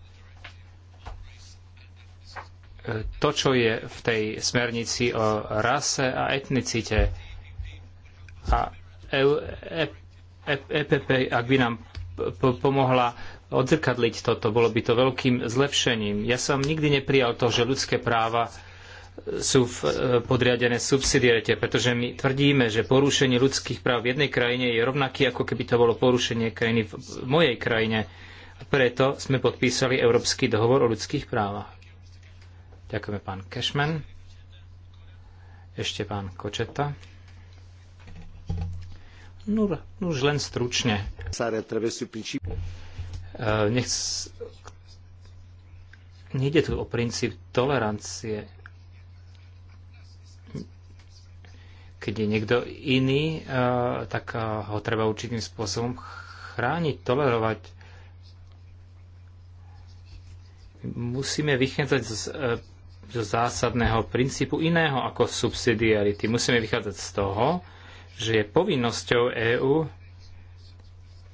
to, čo je v tej smernici o rase a etnicite. A EPP, e, e, e, ak by nám pomohla odzrkadliť toto, bolo by to veľkým zlepšením. Ja som nikdy neprijal to, že ľudské práva sú podriadené subsidiarite, pretože my tvrdíme, že porušenie ľudských práv v jednej krajine je rovnaké, ako keby to bolo porušenie krajiny v mojej krajine. A preto sme podpísali Európsky dohovor o ľudských právach. Ďakujeme pán Kešmen. Ešte pán Kočeta. No, no už len stručne. Uh, e, Nech... Nejde tu o princíp tolerancie. Keď je niekto iný, uh, tak uh, ho treba určitým spôsobom chrániť, tolerovať. Musíme vychádzať z uh, zo zásadného princípu iného ako subsidiarity. Musíme vychádzať z toho, že je povinnosťou EÚ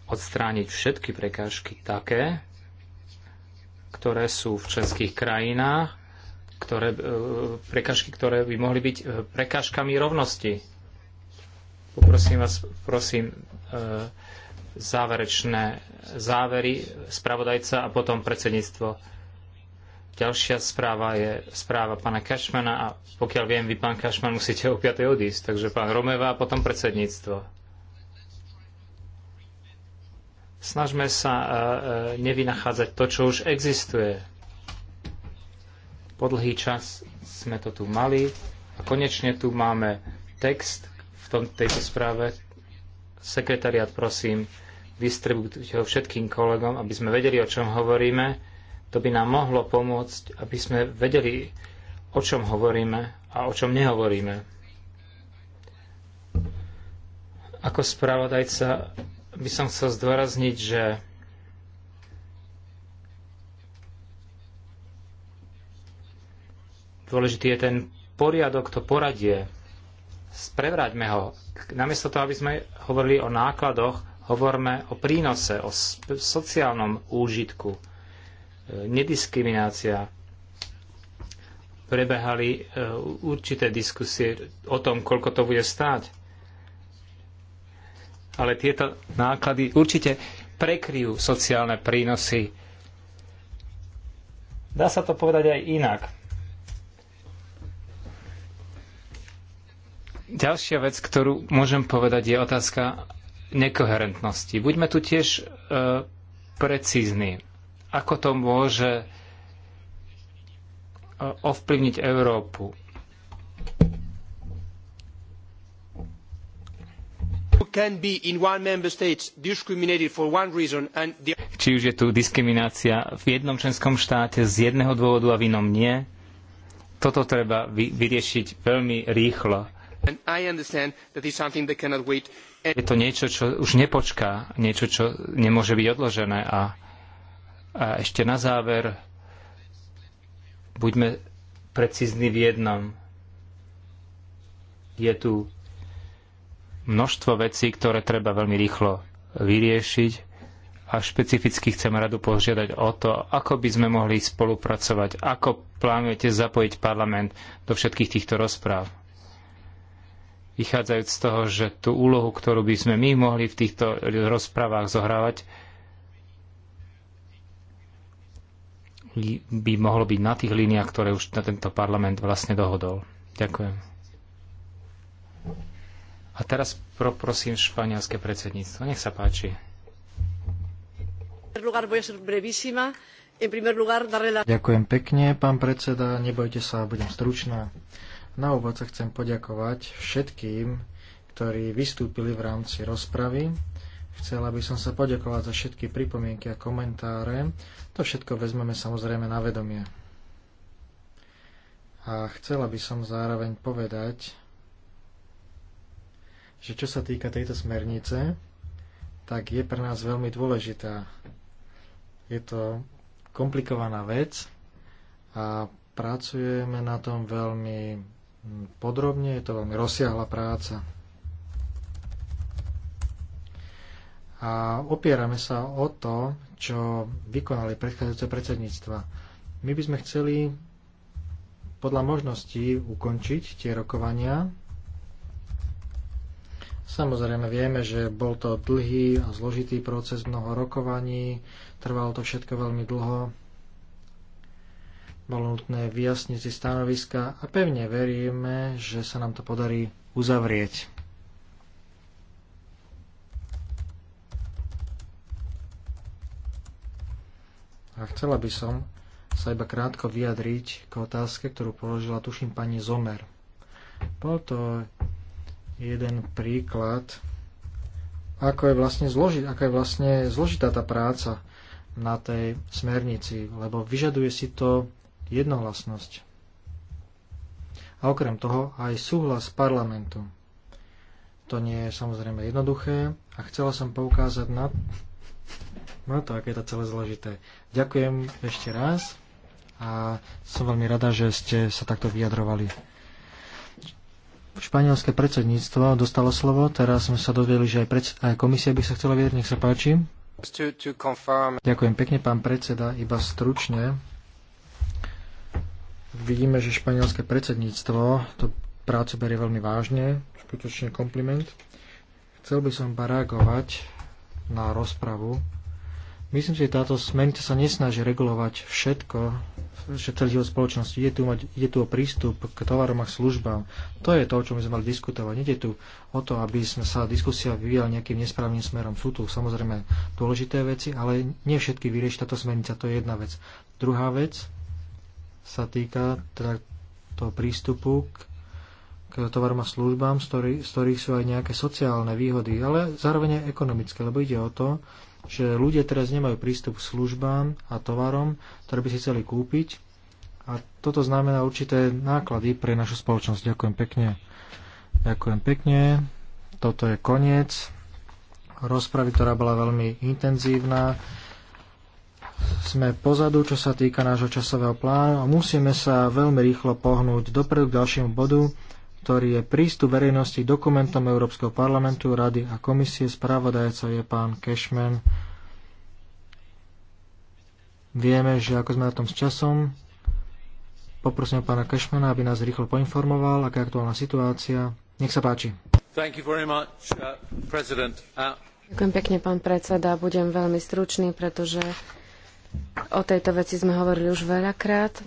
odstrániť všetky prekážky také, ktoré sú v členských krajinách, ktoré, e, prekážky, ktoré by mohli byť e, prekážkami rovnosti. Poprosím vás, prosím, e, záverečné závery, spravodajca a potom predsedníctvo Ďalšia správa je správa pána Kašmana a pokiaľ viem, vy, pán Kašman, musíte o 5. odísť, takže pán Romeva a potom predsedníctvo. Snažme sa e, e, nevynachádzať to, čo už existuje. Po dlhý čas sme to tu mali a konečne tu máme text v tom, tejto správe. Sekretariat, prosím, distribujte ho všetkým kolegom, aby sme vedeli, o čom hovoríme to by nám mohlo pomôcť, aby sme vedeli, o čom hovoríme a o čom nehovoríme. Ako spravodajca by som chcel zdôrazniť, že dôležitý je ten poriadok, to poradie. Sprevráťme ho. Namiesto toho, aby sme hovorili o nákladoch, hovorme o prínose, o sociálnom úžitku nediskriminácia. Prebehali e, určité diskusie o tom, koľko to bude stáť. Ale tieto náklady určite prekryjú sociálne prínosy. Dá sa to povedať aj inak. Ďalšia vec, ktorú môžem povedať, je otázka nekoherentnosti. Buďme tu tiež e, precízni ako to môže e, ovplyvniť Európu. Či už je tu diskriminácia v jednom členskom štáte z jedného dôvodu a v inom nie, toto treba vyriešiť veľmi rýchlo. Je to niečo, čo už nepočká, niečo, čo nemôže byť odložené a a ešte na záver, buďme precízni v jednom. Je tu množstvo vecí, ktoré treba veľmi rýchlo vyriešiť a špecificky chcem radu požiadať o to, ako by sme mohli spolupracovať, ako plánujete zapojiť parlament do všetkých týchto rozpráv. Vychádzajúc z toho, že tú úlohu, ktorú by sme my mohli v týchto rozprávach zohrávať, by mohlo byť na tých líniách, ktoré už na tento parlament vlastne dohodol. Ďakujem. A teraz poprosím španielské predsedníctvo. Nech sa páči. Ďakujem pekne, pán predseda. Nebojte sa, budem stručná. Na úvod sa chcem poďakovať všetkým, ktorí vystúpili v rámci rozpravy Chcela by som sa poďakovať za všetky pripomienky a komentáre. To všetko vezmeme samozrejme na vedomie. A chcela by som zároveň povedať, že čo sa týka tejto smernice, tak je pre nás veľmi dôležitá. Je to komplikovaná vec a pracujeme na tom veľmi podrobne, je to veľmi rozsiahla práca. a opierame sa o to, čo vykonali predchádzajúce predsedníctva. My by sme chceli podľa možností ukončiť tie rokovania. Samozrejme vieme, že bol to dlhý a zložitý proces mnoho rokovaní, trvalo to všetko veľmi dlho. Bolo nutné vyjasniť si stanoviska a pevne veríme, že sa nám to podarí uzavrieť. A chcela by som sa iba krátko vyjadriť k otázke, ktorú položila, tuším, pani Zomer. Bol to jeden príklad, ako je vlastne, zloži- ako je vlastne zložitá tá práca na tej smernici, lebo vyžaduje si to jednohlasnosť. A okrem toho aj súhlas parlamentu. To nie je samozrejme jednoduché a chcela som poukázať na No to aké je to celé zložité. Ďakujem ešte raz a som veľmi rada, že ste sa takto vyjadrovali. Španielské predsedníctvo dostalo slovo, teraz sme sa dozvedeli, že aj, preds- aj komisia by sa chcela vyjadriť, nech sa páči. To, to Ďakujem pekne, pán predseda, iba stručne. Vidíme, že španielské predsedníctvo to prácu berie veľmi vážne, skutočne kompliment. Chcel by som reagovať na rozpravu Myslím si, že táto smernica sa nesnaží regulovať všetko, že celý spoločnosti. Ide tu, mať, ide tu o prístup k tovarom a službám. To je to, o čom by sme mali diskutovať. Nede tu o to, aby sme sa diskusia vyvíjala nejakým nesprávnym smerom. Sú tu samozrejme dôležité veci, ale nie všetky vyrieši táto smernica. To je jedna vec. Druhá vec sa týka teda toho prístupu k k tovarom a službám, z ktorých, z ktorých sú aj nejaké sociálne výhody, ale zároveň aj ekonomické, lebo ide o to, že ľudia teraz nemajú prístup k službám a tovarom, ktoré by si chceli kúpiť. A toto znamená určité náklady pre našu spoločnosť. Ďakujem pekne. Ďakujem pekne. Toto je koniec rozpravy, ktorá bola veľmi intenzívna. Sme pozadu, čo sa týka nášho časového plánu a musíme sa veľmi rýchlo pohnúť dopredu k ďalšiemu bodu ktorý je prístup verejnosti dokumentom Európskeho parlamentu, Rady a komisie. Spravodajca je pán Cashman. Vieme, že ako sme na tom s časom, poprosím pána Cashmana, aby nás rýchlo poinformoval, aká je aktuálna situácia. Nech sa páči. Much, uh, uh, Ďakujem pekne, pán predseda. Budem veľmi stručný, pretože o tejto veci sme hovorili už veľakrát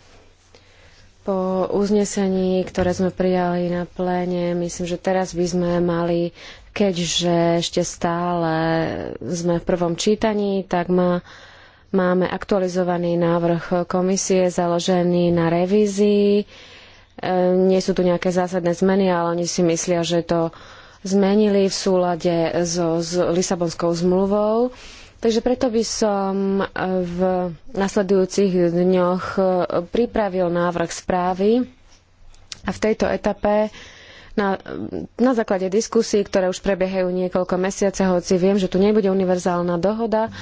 po uznesení, ktoré sme prijali na pléne, myslím, že teraz by sme mali, keďže ešte stále sme v prvom čítaní, tak má, máme aktualizovaný návrh komisie založený na revízii. E, nie sú tu nejaké zásadné zmeny, ale oni si myslia, že to zmenili v súlade so, s Lisabonskou zmluvou. E, Takže preto by som e, v nasledujúcich dňoch e, pripravil návrh správy a v tejto etape na, na základe diskusí, ktoré už prebiehajú niekoľko mesiacov, hoci viem, že tu nebude univerzálna dohoda, e,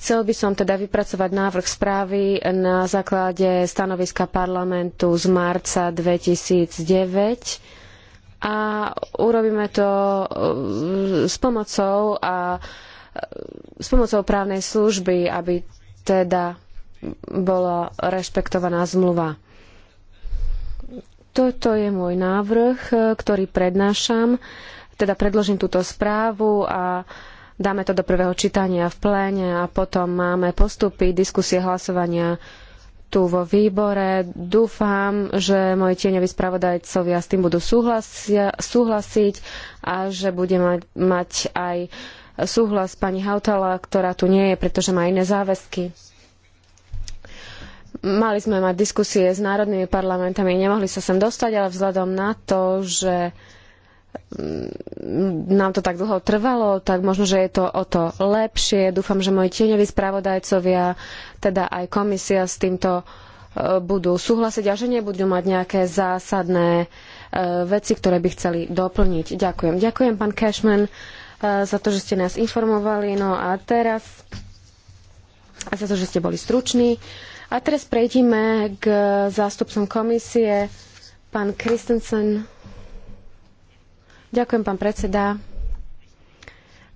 Chcel by som teda vypracovať návrh správy na základe stanoviska parlamentu z marca 2009 a urobíme to s pomocou a s pomocou právnej služby, aby teda bola rešpektovaná zmluva. Toto je môj návrh, e, ktorý prednášam. Teda predložím túto správu a dáme to do prvého čítania v pléne a potom máme postupy, diskusie, hlasovania tu vo výbore. Dúfam, že moji tieňoví spravodajcovia s tým budú súhlasia, súhlasiť a že budeme mať, aj súhlas pani Hautala, ktorá tu nie je, pretože má iné záväzky. Mali sme mať diskusie s národnými parlamentami, nemohli sa sem dostať, ale vzhľadom na to, že mm, nám to tak dlho trvalo, tak možno, že je to o to lepšie. Dúfam, že moji tieňoví spravodajcovia, teda aj komisia s týmto e, budú súhlasiť a že nebudú mať nejaké zásadné e, veci, ktoré by chceli doplniť. Ďakujem. Ďakujem, pán Cashman za to, že ste nás informovali. No a teraz a za to, že ste boli struční. A teraz prejdime k zástupcom komisie, pán Christensen. Ďakujem, pán predseda.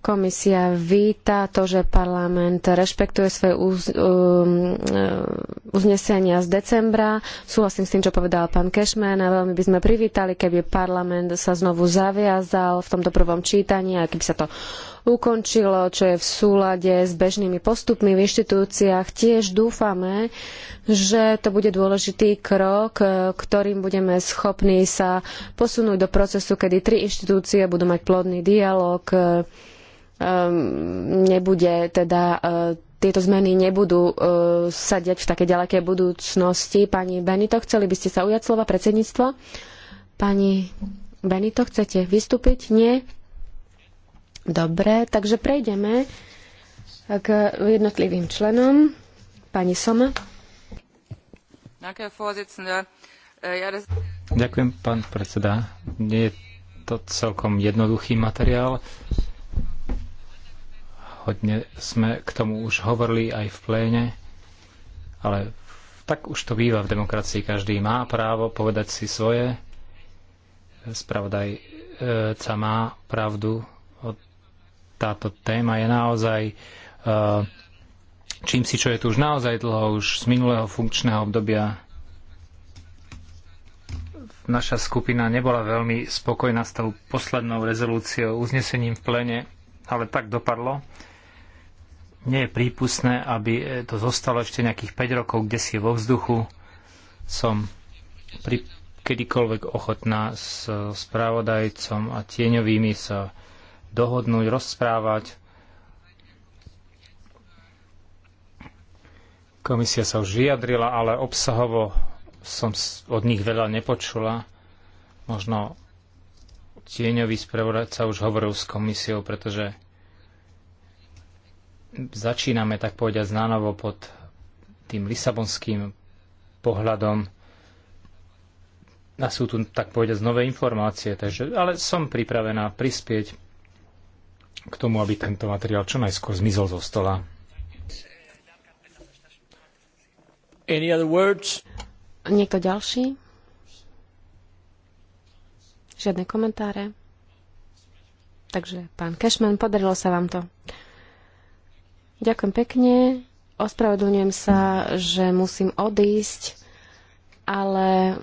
Komisia víta to, že parlament rešpektuje svoje uz, um, eh, uznesenia z decembra. Súhlasím s tým, čo povedal pán Kešmen a veľmi by sme privítali, keby parlament sa znovu zaviazal v tomto prvom čítaní a keby sa to ukončilo, čo je v súlade s bežnými postupmi v inštitúciách. Tiež dúfame, že to bude dôležitý krok, eh, ktorým budeme schopní sa posunúť do procesu, kedy tri inštitúcie budú mať plodný dialog eh, Ehm, nebude teda e, tieto zmeny nebudú uh, sa diať v takej ďalekej budúcnosti. Pani Benito, chceli by ste sa ujať slova predsedníctvo? Pani Benito, chcete vystúpiť? Nie? Dobre, takže prejdeme k jednotlivým členom. Pani Soma. Ďakujem, eh, pán predseda. Nie je to celkom jednoduchý materiál. Hodne sme k tomu už hovorili aj v pléne, ale tak už to býva v demokracii. Každý má právo povedať si svoje. sa má pravdu. Táto téma je naozaj e, čím si, čo je tu už naozaj dlho, už z minulého funkčného obdobia. Naša skupina nebola veľmi spokojná s tou poslednou rezolúciou, uznesením v plene, ale tak dopadlo. Nie je prípustné, aby e, to zostalo ešte nejakých 5 rokov, kde si vo vzduchu. Som pri kedykoľvek ochotná s e, správodajcom a tieňovými sa dohodnúť, rozprávať. Komisia sa už vyjadrila, ale obsahovo som od nich veľa nepočula. Možno tieňový spravodajca už hovoril s komisiou, pretože začíname, tak povediať, znánovo pod tým lisabonským pohľadom a sú tu, tak povedať nové informácie, takže, ale som pripravená prispieť k tomu, aby tento materiál čo najskôr zmizol zo stola. Any other words? Niekto ďalší? Žiadne komentáre? Takže, pán Cashman, podarilo sa vám to. Ďakujem pekne. Ospravedlňujem sa, že musím odísť, ale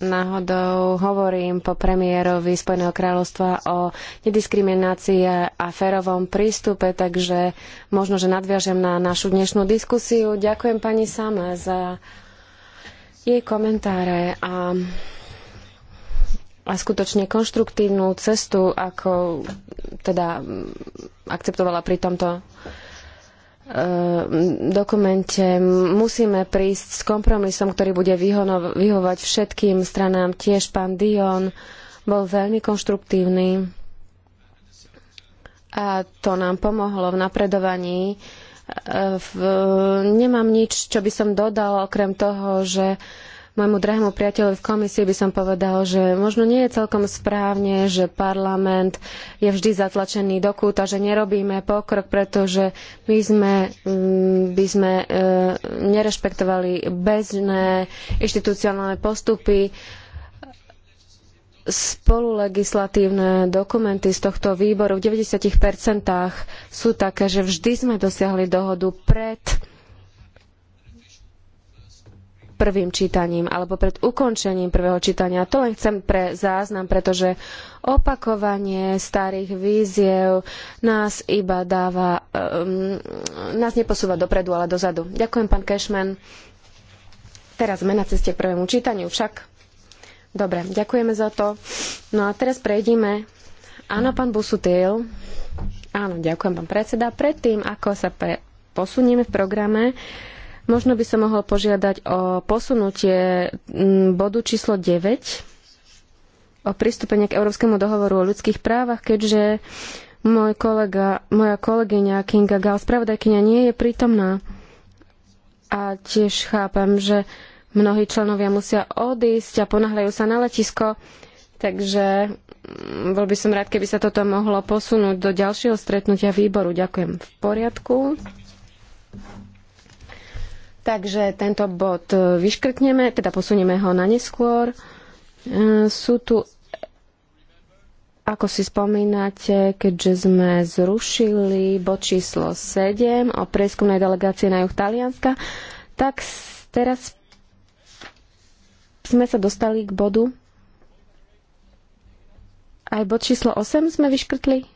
náhodou hovorím po premiérovi Spojeného kráľovstva o nediskriminácii a férovom prístupe, takže možno, že nadviažem na našu dnešnú diskusiu. Ďakujem pani Sama za jej komentáre a a skutočne konštruktívnu cestu, ako teda akceptovala pri tomto e, dokumente musíme prísť s kompromisom, ktorý bude vyhovať všetkým stranám. Tiež pán Dion bol veľmi konštruktívny a to nám pomohlo v napredovaní. E, nemám nič, čo by som dodal, okrem toho, že Môjmu drahému priateľovi v komisii by som povedal, že možno nie je celkom správne, že parlament je vždy zatlačený do kúta, že nerobíme pokrok, pretože my sme, mm, by sme e, nerešpektovali bežné inštitucionálne postupy spolulegislatívne dokumenty z tohto výboru v 90% sú také, že vždy sme dosiahli dohodu pred prvým čítaním alebo pred ukončením prvého čítania. To len chcem pre záznam, pretože opakovanie starých víziev nás iba dáva, um, nás neposúva dopredu, ale dozadu. Ďakujem, pán Cashman. Teraz sme na ceste k prvému čítaniu však. Dobre, ďakujeme za to. No a teraz prejdime. Áno, pán Busutil. Áno, ďakujem, pán predseda. Predtým, ako sa pre... posunieme v programe, uh, Možno by som mohol požiadať o posunutie mm, bodu číslo 9 o pristúpenie k Európskemu dohovoru o ľudských právach, keďže môj kolega, moja kolegyňa Kinga Gal, spravodajkyňa, nie je prítomná. A tiež chápem, že mnohí členovia musia odísť a ponáhľajú sa na letisko, takže mm, bol by som rád, keby sa toto mohlo posunúť do ďalšieho stretnutia výboru. Ďakujem. V poriadku. Takže tento bod e, vyškrtneme, teda posunieme ho na neskôr. E, sú tu, ako si spomínate, keďže sme zrušili bod číslo 7 o prieskumnej delegácie na juh Talianska, tak teraz sme sa dostali k bodu. Aj bod číslo 8 sme vyškrtli.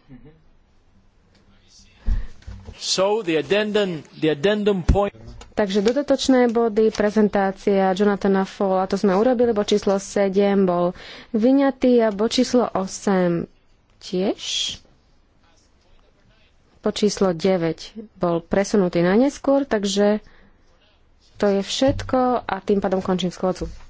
So the addendum, the addendum point... Takže dodatočné body, prezentácia Jonathana Fall, a to sme urobili, bo číslo 7 bol vyňatý a bo číslo 8 tiež. Po číslo 9 bol presunutý na neskôr, takže to je všetko a tým pádom končím schôdzu.